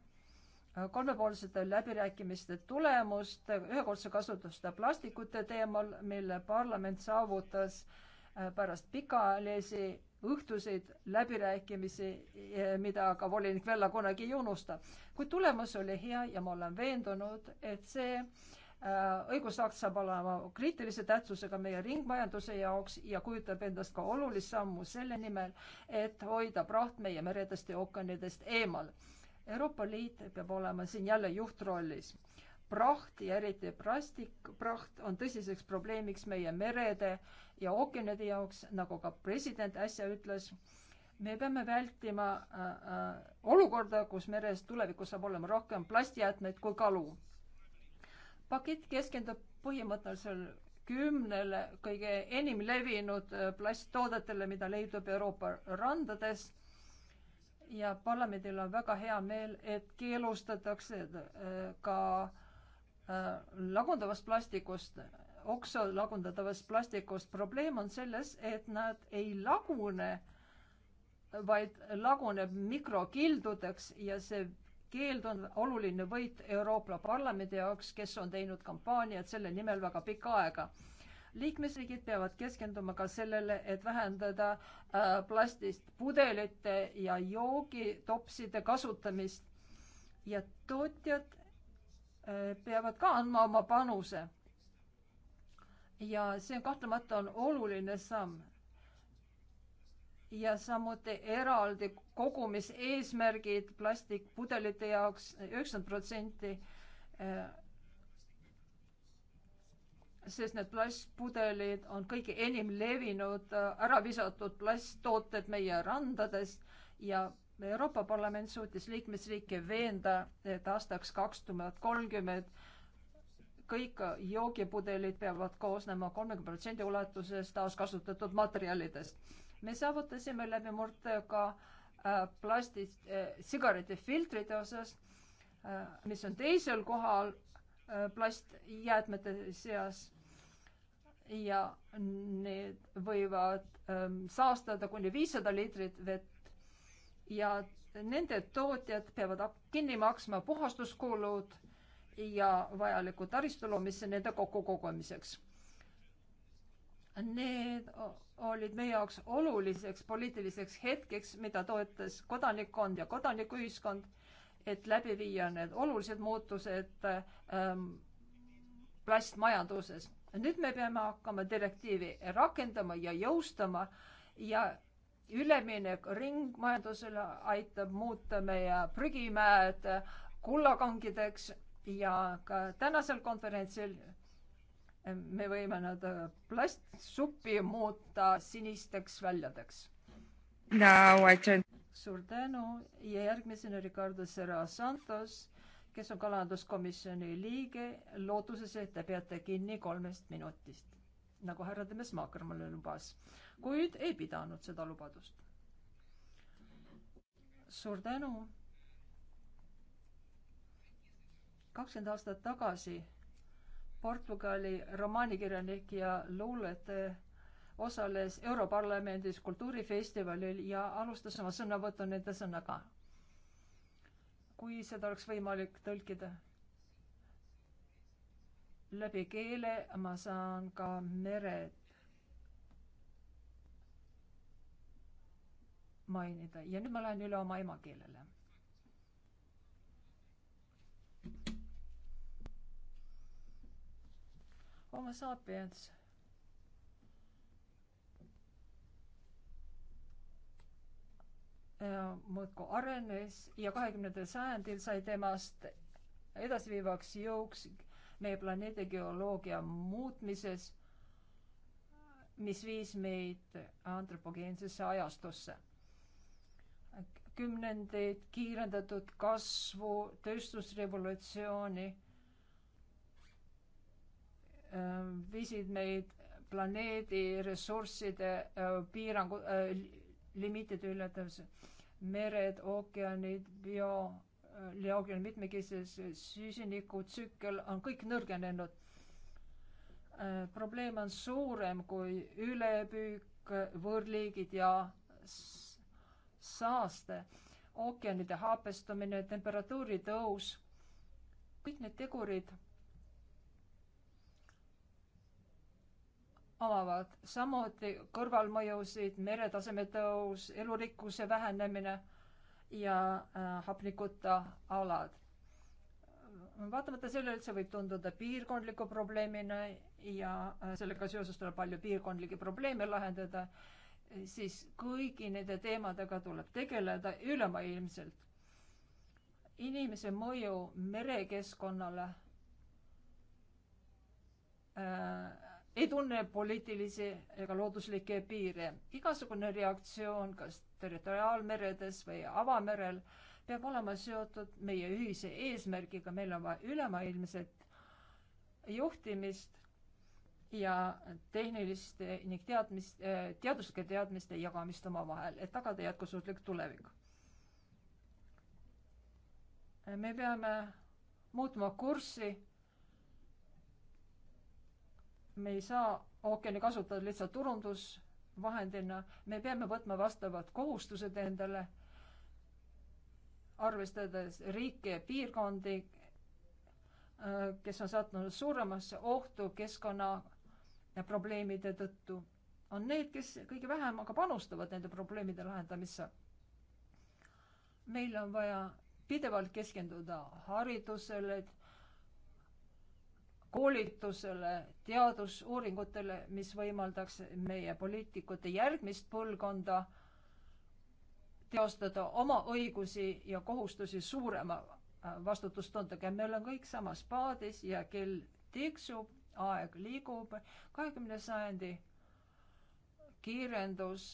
kolmepoolsete läbirääkimiste tulemust ühekordse kasutuste plastikute teemal, mille parlament saavutas äh, pärast pikaajalisi õhtuseid läbirääkimisi, äh, mida aga volinik Vella kunagi ei unusta. kuid tulemus oli hea ja ma olen veendunud, et see äh, õigusakt saab olema kriitilise tähtsusega meie ringmajanduse jaoks ja kujutab endast ka olulist sammu selle nimel, et hoida praht meie meredest ja ookeanidest eemal Euroopa Liit peab olema siin jälle juhtrollis. praht ja eriti plastikpraht on tõsiseks probleemiks meie merede ja ookeanide jaoks, nagu ka president äsja ütles. me peame vältima äh, äh olukorda, kus meres tulevikus saab olema rohkem plastijäätmeid kui kalu. pakett keskendub põhimõtteliselt kümnele kõige enim levinud äh, plasttoodetele, mida leidub Euroopa randades ja parlamendil on väga hea meel, et keelustatakse äh, ka äh, lagundavast plastikust, okso lagundatavast plastikust. probleem on selles, et nad ei lagune, vaid laguneb mikrokildudeks ja see keeld on oluline võit Euroopa Parlamendi jaoks, kes on teinud kampaaniat selle nimel väga pikka aega liikmesriigid peavad keskenduma ka sellele, et vähendada äh, plastist pudelite ja joogitopside kasutamist ja tootjad äh, peavad ka andma oma panuse. ja see kahtlemata on oluline samm. ja samuti eraldi kogumiseesmärgid plastikpudelite jaoks üheksakümmend protsenti äh, sest need plastpudelid on kõige enim levinud äh, ära visatud plasttooted meie randadest ja Euroopa Parlament suutis liikmesriike veenda, et aastaks kaks tuhat kolmkümmend kõik joogipudelid peavad koosnema kolmekümne protsendi ulatuses taaskasutatud materjalidest. me saavutasime läbimurde ka äh, plastist äh,, sigaretifiltrite osas äh,, mis on teisel kohal Äh, plastjäätmete seas ja need võivad ähm, saastada kuni viissada liitrit vett ja nende tootjad peavad kinni maksma puhastuskulud ja vajaliku taristu loomise nende kokkukogumiseks. Need olid meie jaoks oluliseks poliitiliseks hetkeks, mida toetas kodanikkond ja kodanikuühiskond et läbi viia need olulised muutused ähm, plastmajanduses. nüüd me peame hakkama direktiivi rakendama ja jõustama ja üleminek ringmajandusele aitab muuta meie prügimäed kullakangideks ja ka tänasel konverentsil me võime nad äh, plastsuppi muuta sinisteks väljadeks. Now I turn suur tänu ja järgmisena Ricardo Serra Santos, kes on kalanduskomisjoni liige, lootuses, et te peate kinni kolmest minutist, nagu härra Demesmaaker mulle lubas, kuid ei pidanud seda lubadust. suur tänu. kakskümmend aastat tagasi Portugali romaanikirjanik ja luuletaja osales Europarlamendis kultuurifestivalil ja alustas oma sõnavõttu nende sõnaga. kui seda oleks võimalik tõlkida läbi keele, ma saan ka mered mainida ja nüüd ma lähen üle oma emakeelele Homo sapiens Äh, muudkui arenes ja kahekümnendal sajandil sai temast edasiviivaks jõuks meie planeedi geoloogia muutmises, mis viis meid antropogeensesse ajastusse. kümnendeid kiirendatud kasvu, tööstusrevolutsiooni äh, viisid meid planeedi ressursside äh, piirangu äh,, limiitide ületavus, mered, ookeanid, bio, ookeani mitmekeses süsinikutsükkel on kõik nõrgenenud. Äh, probleem on suurem kui ülepüük, võõrliigid ja saaste, ookeanide haapestumine, temperatuuri tõus, kõik need tegurid omavad samuti kõrvalmõjusid, meretaseme tõus, elurikkuse vähenemine ja äh, hapnikuta alad. vaatamata sellele, et see võib tunduda piirkondliku probleemina ja äh, sellega seoses tuleb palju piirkondlikke probleeme lahendada, siis kõigi nende teemadega tuleb tegeleda ülemaailmselt. inimese mõju merekeskkonnale äh, ei tunne poliitilisi ega looduslikke piire. igasugune reaktsioon, kas territoriaalmeredes või avamerel, peab olema seotud meie ühise eesmärgiga, meil on vaja ülemaailmset juhtimist ja tehniliste ning teadmist, teaduslike teadmiste jagamist omavahel, et tagada jätkusuutlik tulevik. me peame muutma kurssi me ei saa ookeani kasutada lihtsalt turundusvahendina, me peame võtma vastavad kohustused endale, arvestades riike ja piirkondi, äh, kes on sattunud suuremasse ohtu keskkonnaprobleemide tõttu, on need, kes kõige vähem aga panustavad nende probleemide lahendamisse. meil on vaja pidevalt keskenduda haridusele, et koolitusele, teadusuuringutele, mis võimaldaks meie poliitikute järgmist põlvkonda teostada oma õigusi ja kohustusi suurema äh, vastutustundega. me oleme kõik samas paadis ja kell tiksub, aeg liigub, kahekümne sajandi kiirendus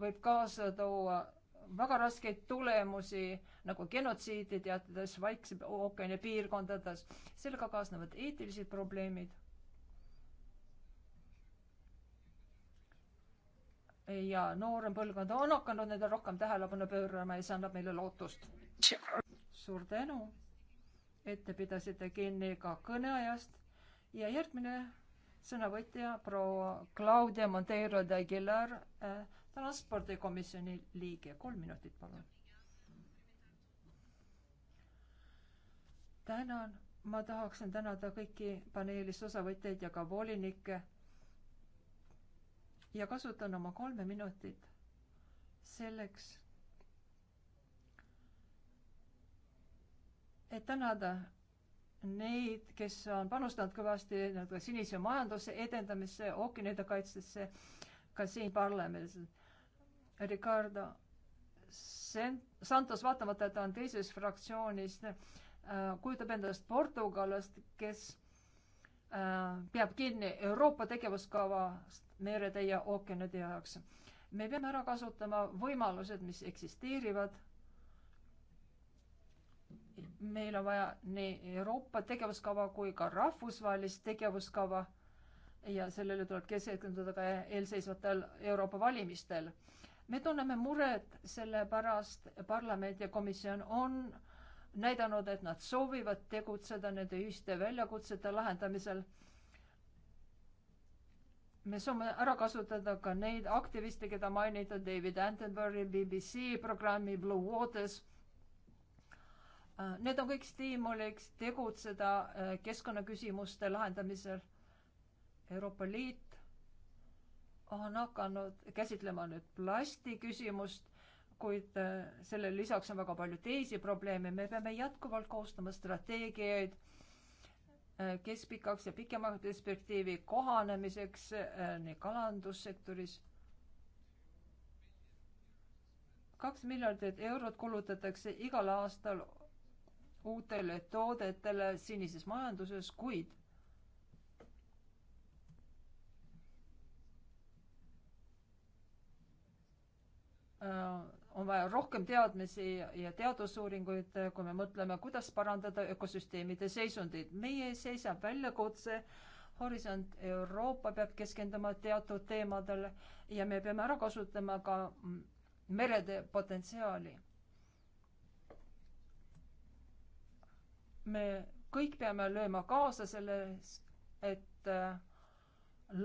võib kaasa tuua väga raskeid tulemusi, nagu genotsiidi teatades Vaikse ookeani piirkondades. sellega kaasnevad eetilised probleemid. ja noorem põlvkond on hakanud nendele rohkem tähelepanu pöörama ja see annab meile lootust. suur tänu, et te pidasite kinni ka kõneajast ja järgmine sõnavõtja proua Claudia Monteiro de Aguilar äh, transpordikomisjoni liige, kolm minutit, palun. tänan, ma tahaksin tänada kõiki paneelist osavõtjaid ja ka volinikke. ja kasutan oma kolme minutit selleks, et tänada neid, kes on panustanud kõvasti nii-öelda sinise majanduse edendamisse, ookeanide kaitsesse, ka siin parlamendis Ricardo Santos, vaatamata, et ta on teises fraktsioonis, äh, kujutab endast portugalast, kes äh, peab kinni Euroopa tegevuskavast merede ja ookeanide jaoks. me peame ära kasutama võimalused, mis eksisteerivad. meil on vaja nii Euroopa tegevuskava kui ka rahvusvahelist tegevuskava ja sellele tuleb keskenduda ka eelseisvatel Euroopa valimistel me tunneme muret selle pärast, parlament ja komisjon on näidanud, et nad soovivad tegutseda nende ühiste väljakutsete lahendamisel. me saame ära kasutada ka neid aktiviste, keda mainiti David Attenbury BBC programmi Blue Waters. Need on kõik stiimuliks tegutseda eh, keskkonnaküsimuste lahendamisel. Euroopa Liit on hakanud käsitlema nüüd plasti küsimust, kuid äh, sellele lisaks on väga palju teisi probleeme, me peame jätkuvalt koostama strateegiaid äh, keskpikaks ja pikema perspektiivi kohanemiseks äh, nii kalandussektoris. kaks miljardit eurot kulutatakse igal aastal uutele toodetele sinises majanduses, kuid Äh, on vaja rohkem teadmisi ja teadusuuringuid, äh, kui me mõtleme, kuidas parandada ökosüsteemide seisundit. meie ees seisab väljakutse, Horisont Euroopa peab keskenduma teatud teemadele ja me peame ära kasutama ka mm, merede potentsiaali. me kõik peame lööma kaasa selles, et äh,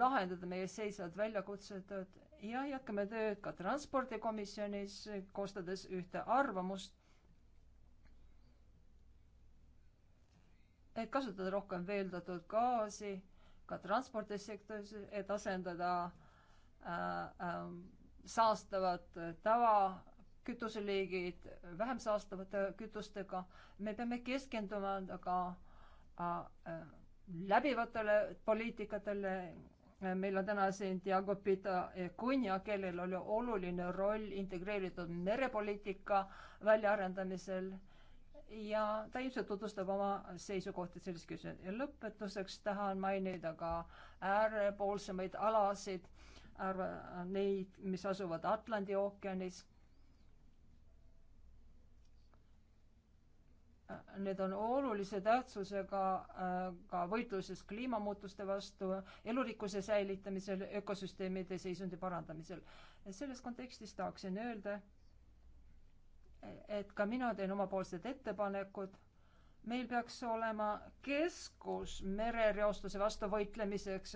lahendada meie seisvad väljakutsed ja jätkame tööd ka transpordikomisjonis, koostades ühte arvamust, et kasutada rohkem veeldatud gaasi ka transpordisektoris, et asendada äh, äh, saastavad tavakütuseliigid vähem saastavate kütustega. me peame keskenduma aga äh, äh, läbivatele poliitikatele meil on täna siin Diego Pita Cunha, kellel oli oluline roll integreeritud merepoliitika väljaarendamisel ja ta ilmselt tutvustab oma seisukohti selles küsimuses. ja lõpetuseks tahan mainida ka äärepoolsemaid alasid, neid, mis asuvad Atlandi ookeanis Need on olulise tähtsusega äh, ka võitluses kliimamuutuste vastu, elurikkuse säilitamisel, ökosüsteemide seisundi parandamisel. selles kontekstis tahaksin öelda, et ka mina teen omapoolsed ettepanekud. meil peaks olema keskus merereostuse vastu võitlemiseks.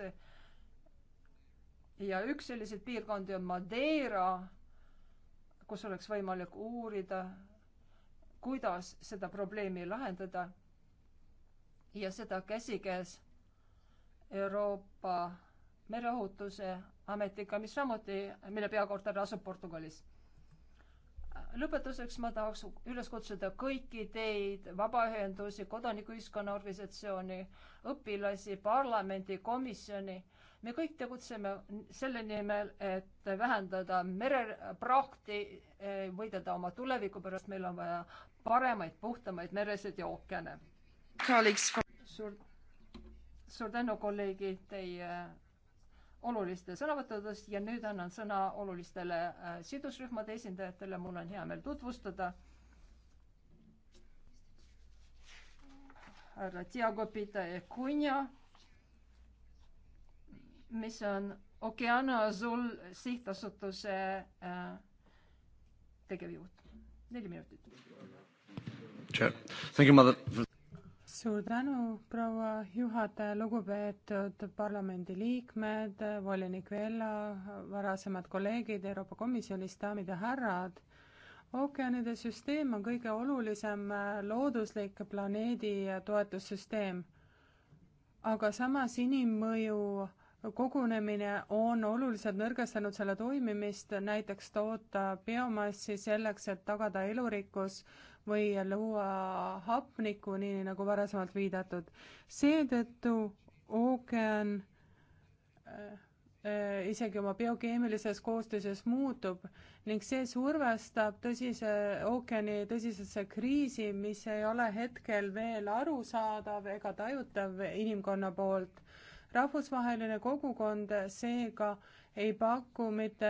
ja üks selliseid piirkondi on Madeira, kus oleks võimalik uurida kuidas seda probleemi lahendada ja seda käsikäes Euroopa mereohutuse ametiga, mis samuti, mille peakorter asub Portugalis. lõpetuseks ma tahaks üles kutsuda kõiki teid, vabaühendusi, kodanikuühiskonna organisatsiooni, õpilasi, parlamendi, komisjoni. me kõik tegutseme selle nimel, et vähendada mereprakti, eh, võidelda oma tuleviku pärast, meil on vaja paremaid, puhtamaid meresid ja ookeane. suur, suur tänu, kolleegid, teie äh, oluliste sõnavõttudest ja nüüd annan sõna olulistele äh, sidusrühmade esindajatele, mul on hea meel tutvustada. härra Tiago Pita ja e Cunha, mis on Okeana Azul sihtasutuse äh, tegevjuht. neli minutit suur tänu, proua juhataja, lugupeetud parlamendiliikmed, volinik Vella, varasemad kolleegid Euroopa Komisjonist, daamid ja härrad. ookeanide süsteem on kõige olulisem looduslik planeedi toetussüsteem. aga samas inimmõju kogunemine on oluliselt nõrgestanud selle toimimist, näiteks toota biomassi selleks, et tagada elurikkus või luua hapnikku, nii nagu varasemalt viidatud. seetõttu ookean äh, isegi oma biokeemilises koostises muutub ning see survestab tõsise, ookeani tõsisesse kriisi, mis ei ole hetkel veel arusaadav ega tajutav inimkonna poolt. rahvusvaheline kogukond seega ei paku mitte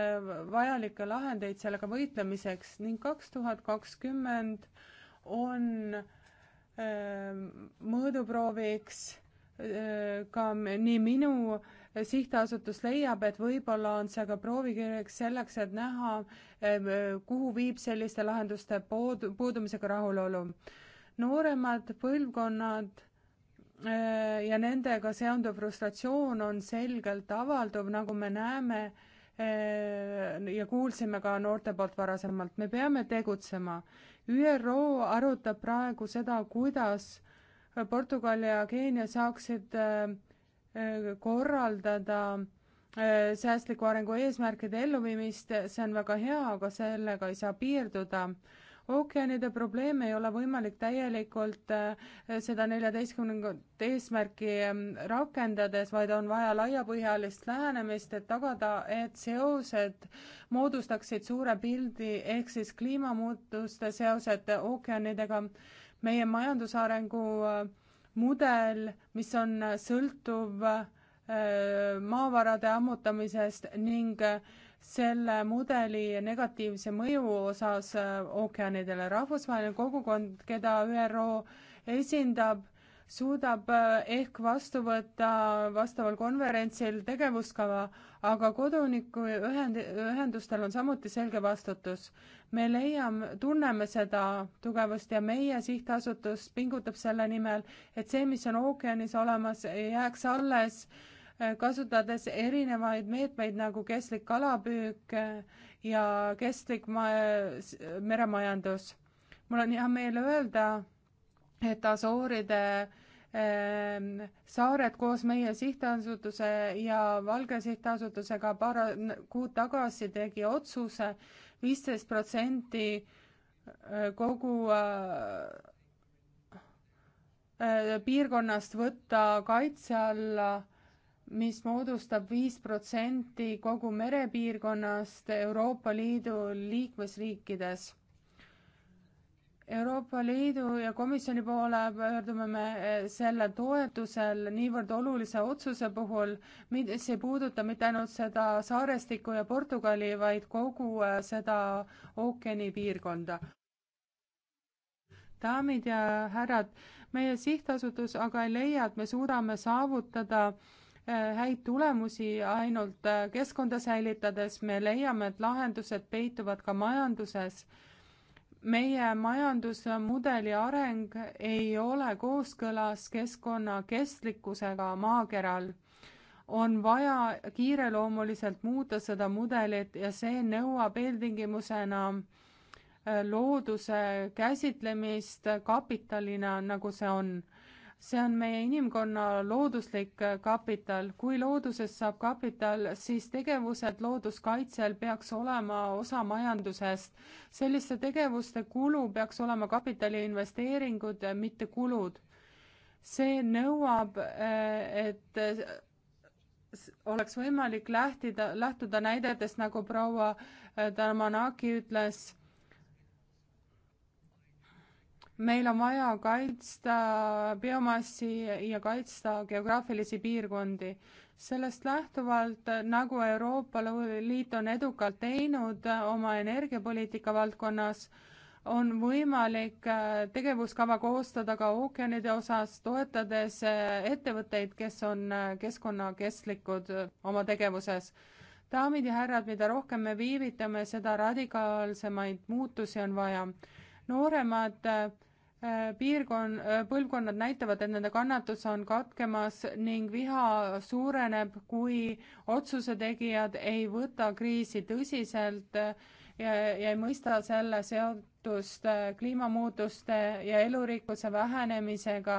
vajalikke lahendeid sellega võitlemiseks ning kaks tuhat kakskümmend on ähm, mõõduprooviks äh, ka nii minu sihtasutus leiab, et võib-olla on see ka proovikirjaks selleks, et näha, ähm, kuhu viib selliste lahenduste puud-, puudumisega rahulolu. nooremad põlvkonnad Äh, ja nendega seonduv frustratsioon on selgelt avalduv, nagu me näeme äh, ja kuulsime ka noorte poolt varasemalt, me peame tegutsema. ÜRO arutab praegu seda, kuidas Portugal ja Keenia saaksid äh, korraldada säästliku arengu eesmärkide elluviimist, see on väga hea, aga sellega ei saa piirduda ookeanide probleem ei ole võimalik täielikult äh, seda neljateistkümnendat eesmärki ähm, rakendades, vaid on vaja laiapõhjalist lähenemist, et tagada, et seosed moodustaksid suure pildi ehk siis kliimamuutuste seosed ookeanidega. meie majandusarengu äh, mudel, mis on sõltuv äh, maavarade ammutamisest ning äh, selle mudeli negatiivse mõju osas äh, ookeanidele. rahvusvaheline kogukond, keda ÜRO esindab, suudab äh, ehk vastu võtta vastaval konverentsil tegevuskava, aga kodanikuühend-, ühendustel on samuti selge vastutus. me leiame, tunneme seda tugevust ja meie sihtasutus pingutab selle nimel, et see, mis on ookeanis olemas, jääks alles äh, Äh, kasutades erinevaid meetmeid nagu kestlik kalapüük äh, ja kestlik ma-, meremajandus. mul on hea meel öelda, et Asooride ähm, saared koos meie sihtasutuse ja Valge sihtasutusega paar kuud tagasi tegi otsuse viisteist protsenti äh, kogu piirkonnast võtta kaitse alla mis moodustab viis protsenti kogu merepiirkonnast Euroopa Liidu liikmesriikides. Euroopa Liidu ja komisjoni poole pöördume me eh, selle toetusel niivõrd olulise otsuse puhul, mis ei puuduta mitte ainult seda saarestikku ja Portugali, vaid kogu eh, seda ookeanipiirkonda daamid ja härrad, meie sihtasutus aga ei leia, et me suudame saavutada häid tulemusi ainult äh, keskkonda säilitades, me leiame, et lahendused peituvad ka majanduses. meie majandusmudeli areng ei ole kooskõlas keskkonna kestlikkusega maakeral. on vaja kiireloomuliselt muuta seda mudelit ja see nõuab eeltingimusena äh, looduse käsitlemist kapitalina, nagu see on see on meie inimkonna looduslik äh, kapital. kui loodusest saab kapital, siis tegevused looduskaitsel peaks olema osa majandusest. selliste tegevuste kulu peaks olema kapitali investeeringud, äh, mitte kulud. see nõuab, äh, et oleks võimalik lähtida, lähtuda näidetest, nagu proua Darmanaki ütles meil on vaja kaitsta biomassi ja kaitsta geograafilisi piirkondi. sellest lähtuvalt, nagu Euroopa Liit on edukalt teinud oma energiapoliitika valdkonnas, on võimalik äh, tegevuskava koostada ka ookeanide osas, toetades äh, ettevõtteid, kes on äh, keskkonnakestlikud oma tegevuses. daamid ja härrad, mida rohkem me viivitame, seda radikaalsemaid muutusi on vaja. nooremad piirkon-, põlvkonnad näitavad, et nende kannatus on katkemas ning viha suureneb, kui otsuse tegijad ei võta kriisi tõsiselt ja, ja ei mõista selle seotust kliimamuutuste ja elurikkuse vähenemisega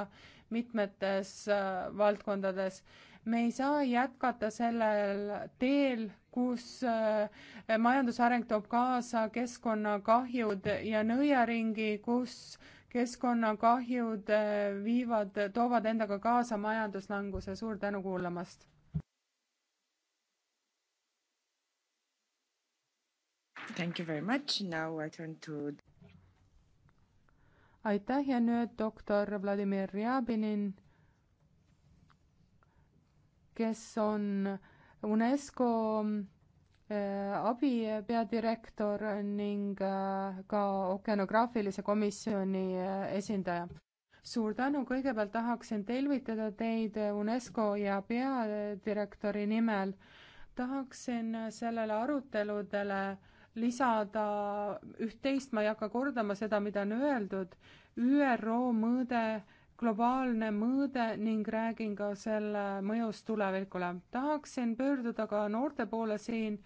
mitmetes äh, valdkondades. me ei saa jätkata sellel teel, kus äh, majandusareng toob kaasa keskkonnakahjud ja nõiaringi, kus keskkonnakahjud äh, viivad, toovad endaga kaasa majanduslanguse, suur tänu kuulamast! Thank you very much, now I turn to aitäh ja nüüd doktor Vladimir Rjabinin, kes on UNESCO Äh, abipeadirektor ning äh, ka Okeanograafilise komisjoni äh, esindaja. suur tänu, kõigepealt tahaksin tervitada teid UNESCO ja peadirektori nimel. tahaksin sellele aruteludele lisada üht-teist, ma ei hakka kordama seda, mida on öeldud, ÜRO mõõde globaalne mõõde ning räägin ka selle mõjust tulevikule. tahaksin pöörduda ka noorte poole siin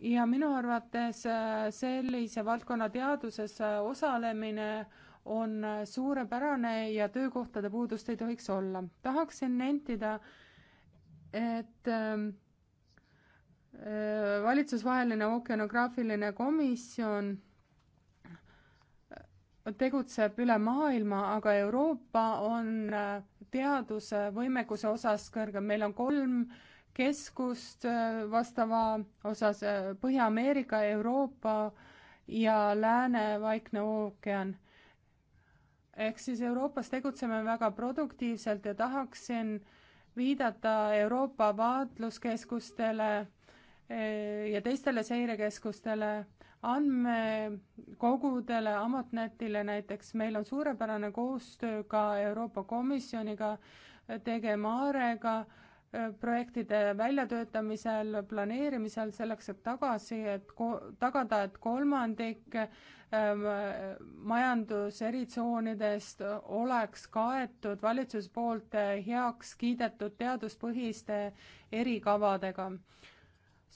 ja minu arvates äh, sellise valdkonna teaduses äh, osalemine on äh, suurepärane ja töökohtade puudust ei tohiks olla. tahaksin nentida, et ähm, valitsusvaheline ookeanograafiline komisjon tegutseb üle maailma, aga Euroopa on äh, teadusvõimekuse osas kõrgem, meil on kolm keskust äh, vastava osas äh, Põhja-Ameerika, Euroopa ja Lääne-Vaikne ookean. ehk siis Euroopas tegutseme väga produktiivselt ja tahaksin viidata Euroopa vaatluskeskustele ja teistele seirekeskustele andmekogudele, Amatnetile näiteks, meil on suurepärane koostöö ka Euroopa Komisjoniga, Tegemaarega, äh, projektide väljatöötamisel, planeerimisel, selleks et tagasi, et ko-, tagada, et kolmandik ähm, majandus eritsoonidest oleks kaetud valitsuse poolt heaks kiidetud teaduspõhiste erikavadega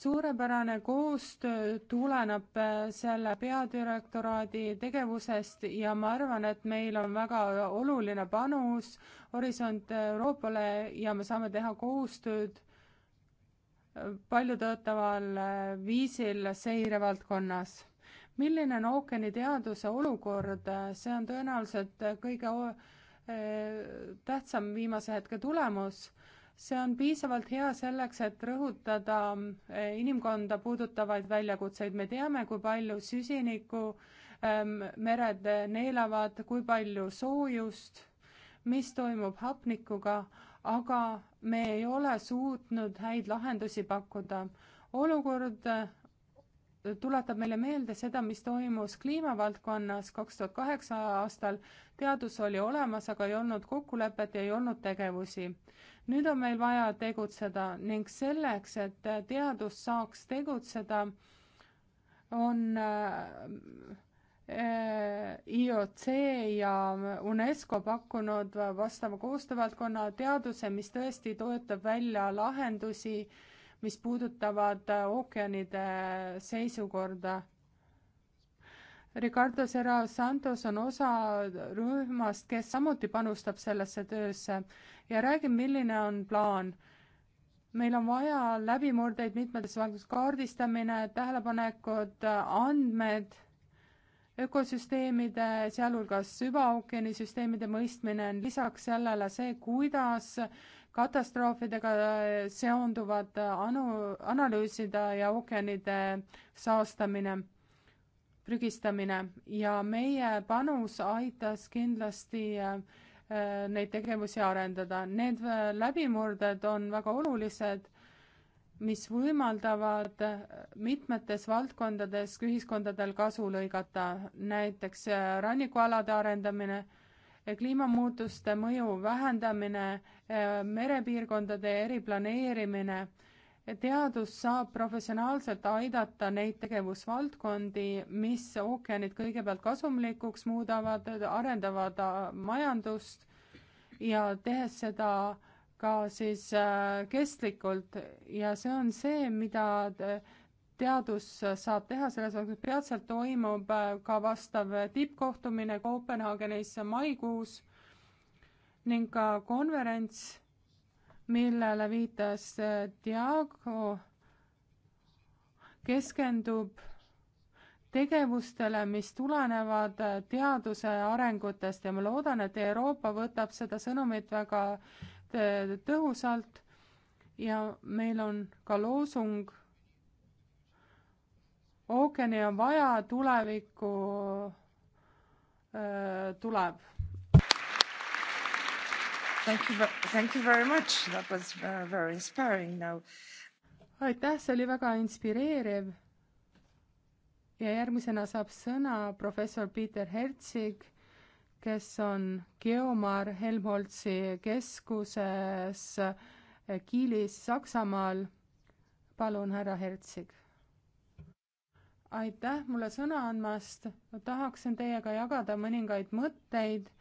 suurepärane koostöö tuleneb äh, selle peadirektoraadi tegevusest ja ma arvan, et meil on väga oluline panus Horisont Euroopale ja me saame teha koostööd äh, paljutõotaval äh, viisil seirevaldkonnas. milline on ookeani teaduse olukord, see on tõenäoliselt kõige tähtsam viimase hetke tulemus see on piisavalt hea selleks, et rõhutada eh, inimkonda puudutavaid väljakutseid, me teame, kui palju süsinikku ähm, mered neelavad, kui palju soojust, mis toimub hapnikuga, aga me ei ole suutnud häid lahendusi pakkuda. olukord eh, tuletab meile meelde seda, mis toimus kliimavaldkonnas kaks tuhat kaheksa aastal. teadus oli olemas, aga ei olnud kokkulepet ja ei olnud tegevusi nüüd on meil vaja tegutseda ning selleks, et teadus saaks tegutseda, on äh, IOC ja UNESCO pakkunud vastava koostöövaldkonna teaduse, mis tõesti toetab välja lahendusi, mis puudutavad ookeanide seisukorda Ricardo Serra Santos on osa rühmast, kes samuti panustab sellesse töösse ja räägib, milline on plaan. meil on vaja läbimurdeid mitmetes valdkondades, kaardistamine, tähelepanekud, andmed, ökosüsteemide, sealhulgas süvaookeanisüsteemide mõistmine on lisaks sellele see, kuidas katastroofidega seonduvat anu, analüüsida ja ookeanide saastamine prügistamine ja meie panus aitas kindlasti äh, neid tegevusi arendada. Need äh, läbimurded on väga olulised, mis võimaldavad äh, mitmetes valdkondades ühiskondadel kasu lõigata, näiteks rannikualade arendamine, kliimamuutuste mõju vähendamine, merepiirkondade eriplaneerimine teadus saab professionaalselt aidata neid tegevusvaldkondi, mis ookeanid kõigepealt kasumlikuks muudavad, arendavad äh, majandust ja tehes seda ka siis äh, kestlikult ja see on see, mida teadus saab teha, selles mõttes peatselt toimub äh, ka vastav tippkohtumine Kopenhaagenis maikuus ning ka konverents millele viitas äh, Diago, keskendub tegevustele, mis tulenevad äh, teaduse arengutest ja ma loodan, et Euroopa võtab seda sõnumit väga äh, tõhusalt ja meil on ka loosung ookeani on vaja, tulevikku tuleb Thank you, thank you very much, that was uh, very inspiring now. aitäh, see oli väga inspireeriv. ja järgmisena saab sõna professor Peter Hertsig, kes on Geomar Helmholtzi keskuses äh, Kiilis, Saksamaal. palun, härra Hertsig. aitäh mulle sõna andmast, tahaksin teiega jagada mõningaid mõtteid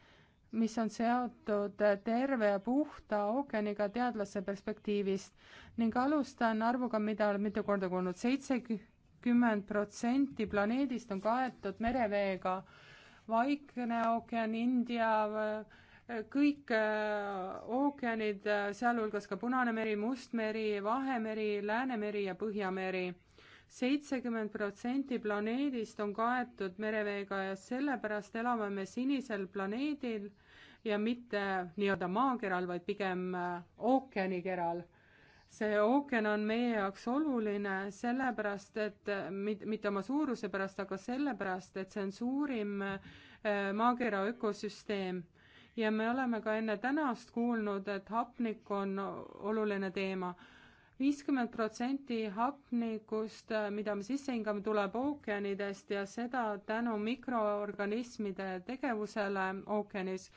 mis on seotud terve ja puhta ookeaniga teadlase perspektiivist ning alustan arvuga, mida olen mitu korda kuulnud, seitsekümmend protsenti planeedist on kaetud mereveega. Vaikne ookean, India, kõik äh, ookeanid, äh, sealhulgas ka Punane meri, Must meri, Vahemeri, Läänemeri ja Põhjameri seitsekümmend protsenti planeedist on kaetud mereveega ja sellepärast elame me sinisel planeedil ja mitte nii-öelda maakeral, vaid pigem äh, ookeanikeral. see ookean on meie jaoks oluline sellepärast, et äh, mit-, mitte oma suuruse pärast, aga sellepärast, et see on suurim äh, maakera ökosüsteem. ja me oleme ka enne tänast kuulnud, et hapnik on oluline teema viiskümmend protsenti hapnikust, äh, mida me sisse hingame, tuleb ookeanidest ja seda tänu mikroorganismide tegevusele ookeanis.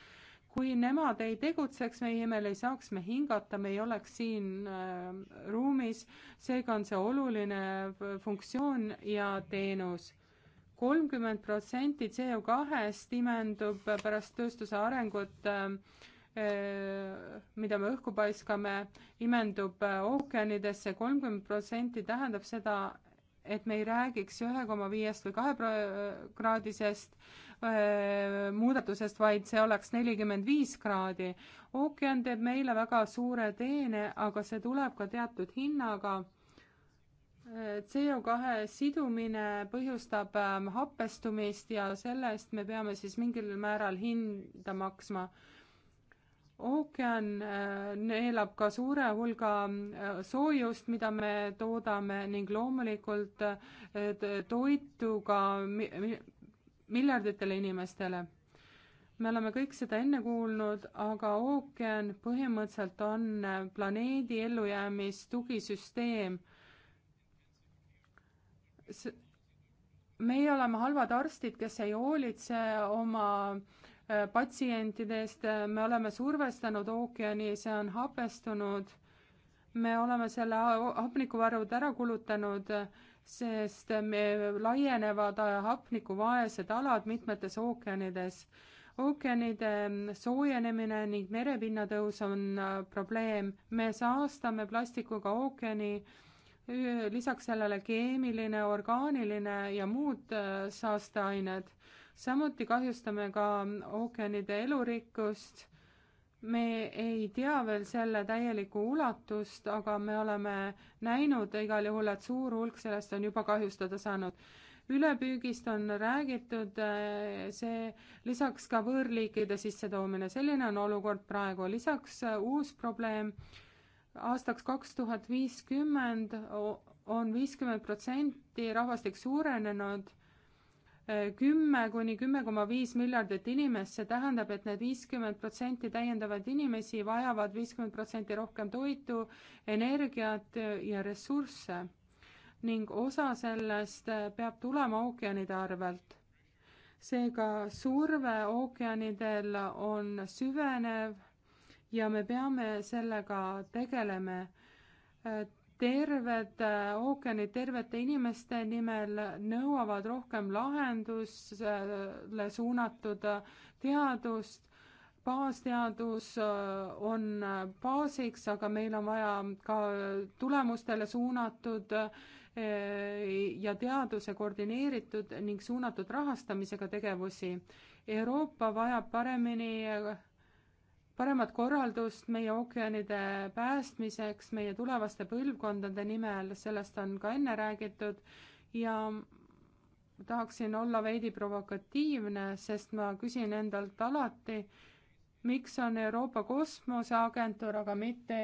kui nemad ei tegutseks meie imel, ei saaks me hingata, me ei oleks siin äh, ruumis, seega on see oluline äh, funktsioon ja teenus kolmkümmend protsenti CO2-st imendub pärast tööstuse arengut äh, mida me õhku paiskame, imendub äh, ookeanidesse, kolmkümmend protsenti tähendab seda, et me ei räägiks ühe koma viiest või kahekraadisest äh, muudatusest, vaid see oleks nelikümmend viis kraadi. ookean teeb meile väga suure teene, aga see tuleb ka teatud hinnaga. Äh, CO2 sidumine põhjustab ähm, happestumist ja selle eest me peame siis mingil määral hinda maksma ookean äh, neelab ka suure hulga äh, soojust, mida me toodame ning loomulikult äh, toitu ka miljarditele inimestele. me oleme kõik seda enne kuulnud, aga ookean põhimõtteliselt on planeedi ellujäämistugisüsteem meie oleme halvad arstid, kes ei hoolitse oma äh, Äh, patsientide eest, äh, me oleme survestanud ookeani, see on hapestunud, me oleme selle hapnikuvarud ära kulutanud, äh, sest me laienevad hapnikuvaesed alad mitmetes ookeanides. ookeanide mm, soojenemine ning merepinna tõus on probleem, me saastame plastikuga ookeani, lisaks sellele keemiline, orgaaniline ja muud saasteained samuti kahjustame ka ookeanide elurikkust. me ei tea veel selle täielikku ulatust, aga me oleme näinud igal juhul, et suur hulk sellest on juba kahjustada saanud ülepüügist on räägitud, eh, see lisaks ka võõrliikide sissetoomine, selline on olukord praegu, lisaks eh, uus probleem, aastaks kaks tuhat viiskümmend on viiskümmend protsenti rahvastik suurenenud kümme kuni kümme koma viis miljardit inimest, see tähendab, et need viiskümmend protsenti täiendavaid inimesi vajavad viiskümmend protsenti rohkem toitu, energiat ja ressursse. ning osa sellest peab tulema ookeanide arvelt. seega surve ookeanidel on süvenev ja me peame sellega tegelema terved äh, ookeanid tervete inimeste nimel nõuavad rohkem lahendusele suunatud teadust. baasteadus äh, on äh, baasiks, aga meil on vaja ka tulemustele suunatud ja teaduse koordineeritud ning suunatud rahastamisega tegevusi. Euroopa vajab paremini paremat korraldust meie ookeanide päästmiseks, meie tulevaste põlvkondade nimel, sellest on ka enne räägitud ja tahaksin olla veidi provokatiivne, sest ma küsin endalt alati, miks on Euroopa Kosmoseagentuur, aga mitte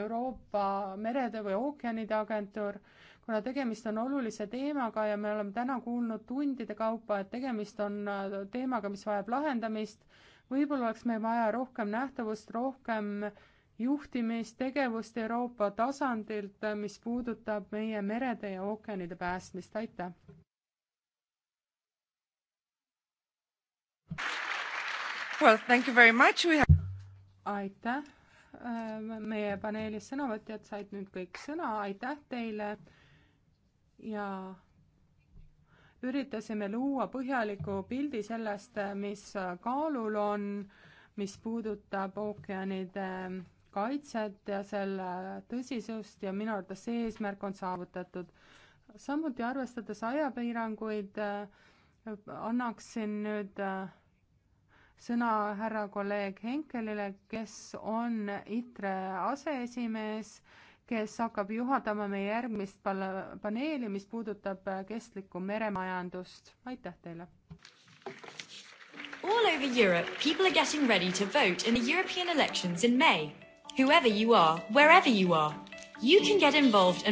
Euroopa Merede või Ookeanide Agentuur, kuna tegemist on olulise teemaga ja me oleme täna kuulnud tundide kaupa, et tegemist on teemaga, mis vajab lahendamist võib-olla oleks meil vaja rohkem nähtavust, rohkem juhtimistegevust Euroopa tasandilt, mis puudutab meie merede ja ookeanide päästmist, aitäh! Well, thank you very much. We have... aitäh, äh, meie paneelis sõnavõtjad said nüüd kõik sõna, aitäh teile ja üritasime luua põhjaliku pildi sellest, mis kaalul on, mis puudutab ookeanide kaitset ja selle tõsisust ja minu arvates see eesmärk on saavutatud. samuti arvestades ajapiiranguid, annaksin nüüd äh, sõna härra kolleeg Henkelile, kes on ITRE aseesimees kes hakkab juhatama meie järgmist pal-, paneeli, mis puudutab äh, kestlikku meremajandust. aitäh teile! All over Europe, people are getting ready to vote in the European elections in May. Whoever you are, wherever you are, you can get involved and